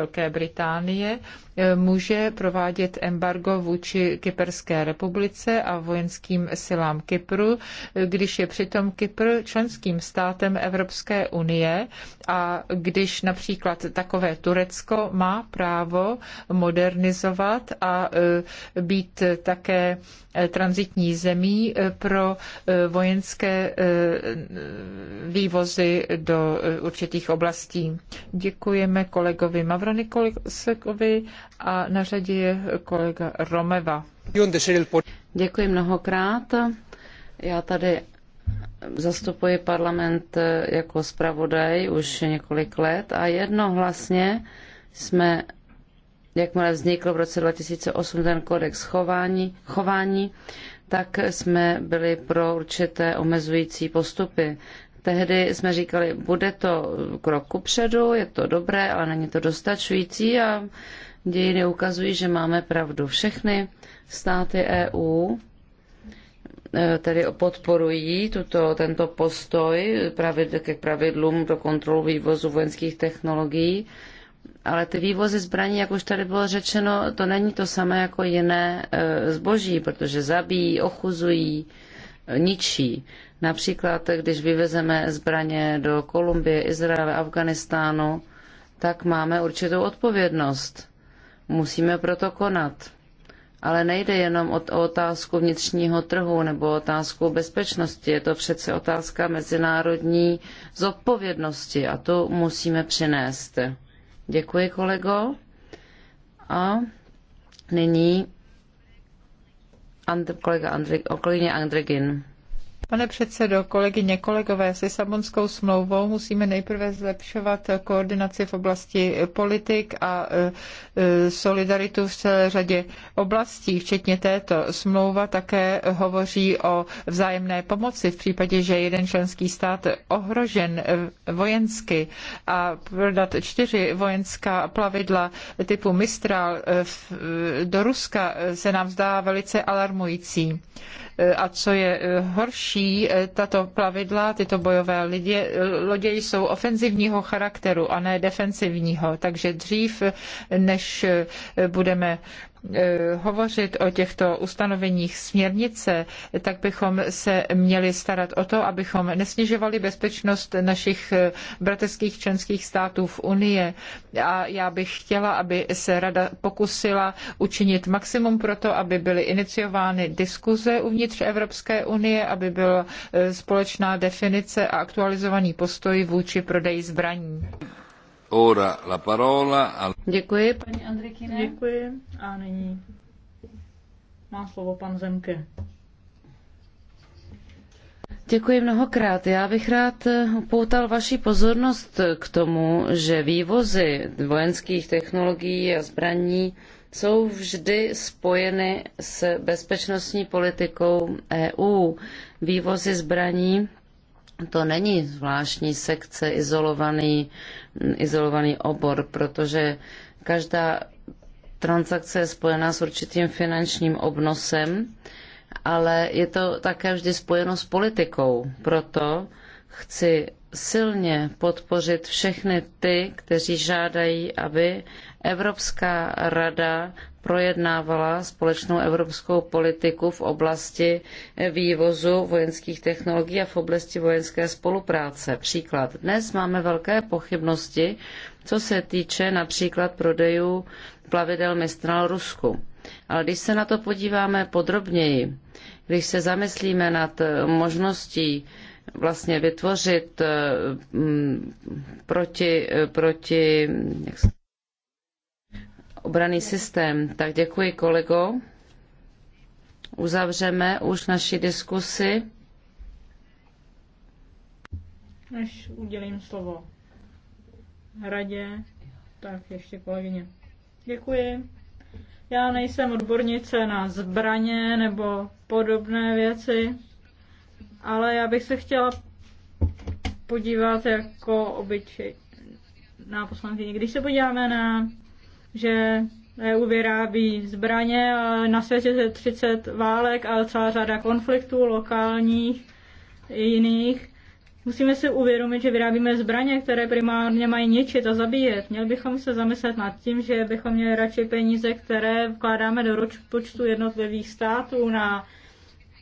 Velké Británie eh, může provádět embargo vůči Kyperské republice a vojenským silám Kypru, eh, když je přitom Kypr členským státem Evropské unie a když například takové Turecko má právo modernizovat a eh, být také transitní zemí pro vojenské vývozy do určitých oblastí. Děkujeme kolegovi Mavro pro Nikolisekovi a na řadě je kolega Romeva. Děkuji mnohokrát. Já tady zastupuji parlament jako zpravodaj už několik let a jednohlasně jsme, jakmile vznikl v roce 2008 ten kodex chování, chování tak jsme byli pro určité omezující postupy. Tehdy jsme říkali, bude to krok předu, je to dobré, ale není to dostačující a dějiny ukazují, že máme pravdu. Všechny státy EU e, tedy podporují tuto, tento postoj pravidl, ke pravidlům do kontrolu vývozu vojenských technologií, ale ty vývozy zbraní, jak už tady bylo řečeno, to není to samé jako jiné e, zboží, protože zabíjí, ochuzují, ničí. Například, když vyvezeme zbraně do Kolumbie, Izraele, Afganistánu, tak máme určitou odpovědnost. Musíme proto konat. Ale nejde jenom o, otázku vnitřního trhu nebo otázku bezpečnosti. Je to přece otázka mezinárodní zodpovědnosti a tu musíme přinést. Děkuji, kolego. A nyní And, kolega Andri, kolegyně Andregin. Pane předsedo, kolegyně, kolegové, s Lisabonskou smlouvou musíme nejprve zlepšovat koordinaci v oblasti politik a e, e, solidaritu v celé řadě oblastí, včetně této. Smlouva také hovoří o vzájemné pomoci v případě, že jeden členský stát ohrožen e, vojensky a prodat čtyři vojenská plavidla typu Mistral do Ruska se nám zdá velice alarmující. A co je eh, horší, eh, tato plavidla, tyto bojové lodě jsou ofenzivního charakteru a ne defensivního. Takže dřív, eh, než budeme Eh, hovořit o těchto ustanoveních směrnice, tak bychom se měli starat o to, abychom nesnižovali bezpečnost našich eh, bratrských členských států v Unii. A já bych chtěla, aby se Rada pokusila učinit maximum pro to, aby byly iniciovány diskuze uvnitř Evropské unie, aby byla eh, společná definice a aktualizovaný postoj vůči prodeji zbraní. Ora la parola al... Děkuji, paní Andrikine. Děkuji. A nyní má slovo pan Zemke. Děkuji mnohokrát. Já bych rád eh, poutal vaši pozornost k tomu, že vývozy vojenských technologií a zbraní jsou vždy spojeny s bezpečnostní politikou EU. Vývozy zbraní to není zvláštní sekce, izolovaný, izolovaný obor, protože každá transakce je spojená s určitým finančním obnosem, ale je to také vždy spojeno s politikou. Proto chci silně podpořit všechny ty, kteří žádají, aby Evropská rada projednávala společnou evropskou politiku v oblasti vývozu vojenských technologií a v oblasti vojenské spolupráce. Příklad. Dnes máme velké pochybnosti, co se týče například prodejů plavidel Mistral Rusku. Ale když se na to podíváme podrobněji, když se zamyslíme nad možností vlastně vytvořit eh, proti, proti jak se obraný systém. Tak děkuji, kolego. Uzavřeme už naši diskusi. Než udělím slovo radě, tak ještě kolegyně. Děkuji. Já nejsem odbornice na zbraně nebo podobné věci, ale já bych se chtěla podívat jako obyčejná poslankyně. Když se podíváme na že EU vyrábí zbraně a na světě je 30 válek a celá řada konfliktů lokálních i jiných. Musíme si uvědomit, že vyrábíme zbraně, které primárně mají ničit a zabíjet. Měli bychom se zamyslet nad tím, že bychom měli radši peníze, které vkládáme do počtu jednotlivých států na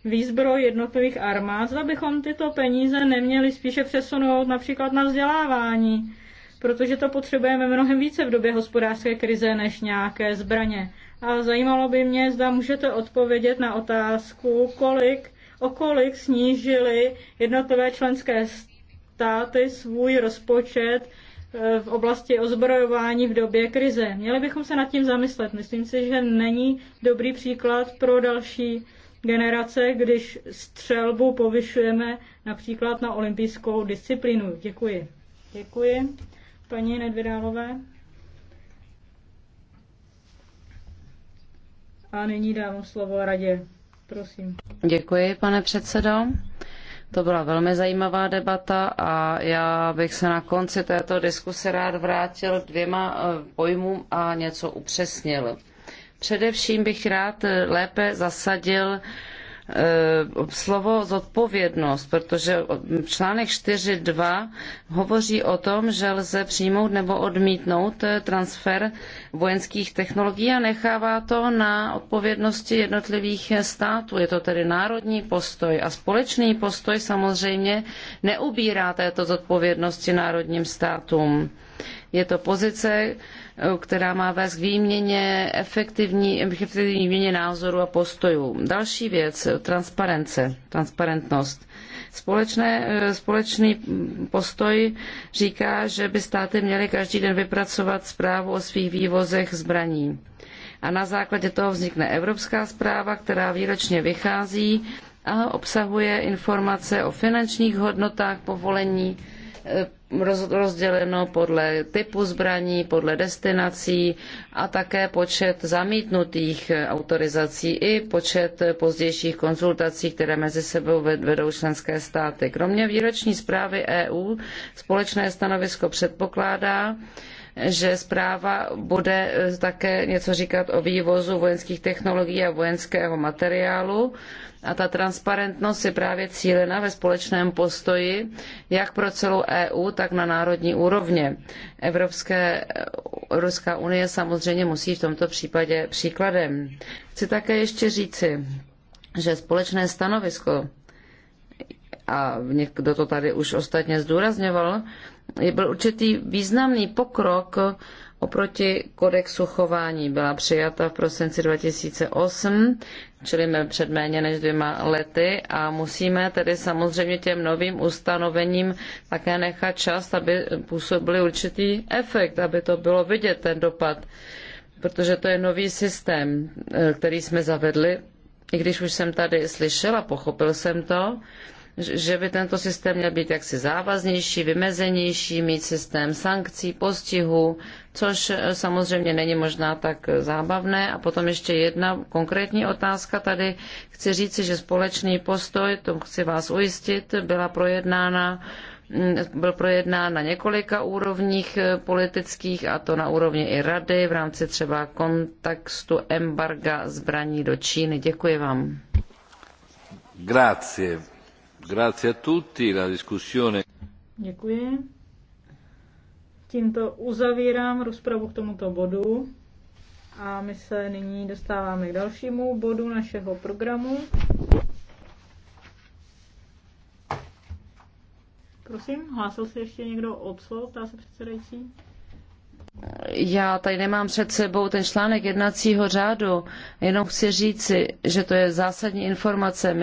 výzbroj jednotlivých armád, zda bychom tyto peníze neměli spíše přesunout například na vzdělávání protože to potřebujeme mnohem více v době hospodářské krize než nějaké zbraně. A zajímalo by mě, zda můžete odpovědět na otázku, kolik, o kolik snížily jednotlivé členské státy svůj rozpočet eh, v oblasti ozbrojování v době krize. Měli bychom se nad tím zamyslet. Myslím si, že není dobrý příklad pro další generace, když střelbu povyšujeme například na olympijskou disciplínu. Děkuji. Děkuji paní Nedvědálové. A nyní dám slovo radě. Prosím. Děkuji, pane předsedo. To byla velmi zajímavá debata a já bych se na konci této diskuse rád vrátil dvěma eh, pojmům a něco upřesnil. Především bych rád eh, lépe zasadil Eh, slovo zodpovědnost, protože článek 4.2 hovoří o tom, že lze přijmout nebo odmítnout eh, transfer vojenských technologií a nechává to na odpovědnosti jednotlivých států. Je to tedy národní postoj a společný postoj samozřejmě neubírá této zodpovědnosti národním státům. Je to pozice, Eh, která má vést k výměně efektivní, efektivní výměně názorů a postojů. Další věc, eh, transparence, transparentnost. Společné, eh, společný postoj říká, že by státy měly každý den vypracovat zprávu o svých vývozech zbraní. A na základě toho vznikne evropská zpráva, která výročně vychází a obsahuje informace o finančních hodnotách povolení, Eh, rozděleno podle typu zbraní, podle destinací a také počet zamítnutých autorizací i počet pozdějších konzultací, které mezi sebou vedou členské státy. Kromě výroční zprávy EU společné stanovisko předpokládá, že zpráva bude eh, také něco říkat o vývozu vojenských technologií a vojenského materiálu. A ta transparentnost je právě cílena ve společném postoji, jak pro celou EU, tak na národní úrovně. Evropské, Evropská eh, unie samozřejmě musí v tomto případě příkladem. Chci také ještě říci, že společné stanovisko, a někdo to tady už ostatně zdůrazňoval, byl určitý významný pokrok oproti kodexu chování. Byla přijata v prosinci 2008, čili před méně než dvěma lety a musíme tedy samozřejmě těm novým ustanovením také nechat čas, aby působili určitý efekt, aby to bylo vidět, ten dopad, protože to je nový systém, eh, který jsme zavedli, i když už jsem tady slyšela, pochopil jsem to, že by tento systém měl být jaksi závaznější, vymezenější, mít systém sankcí, postihu, což eh, samozřejmě není možná tak eh, zábavné. A potom ještě jedna konkrétní otázka tady. Chci říci, že společný postoj, to chci vás ujistit, byla projednána mm, byl projednán na několika úrovních eh, politických, a to na úrovni i rady v rámci třeba kontextu embarga zbraní do Číny. Děkuji vám. Grazie. Děkuji. Tímto uzavírám rozpravu k tomuto bodu a my se nyní dostáváme k dalšímu bodu našeho programu. Prosím, hlásil se ještě někdo o slovo, ptá se předsedající? Já tady nemám před sebou ten článek jednacího řádu, jenom chci říci, že to je zásadní informace.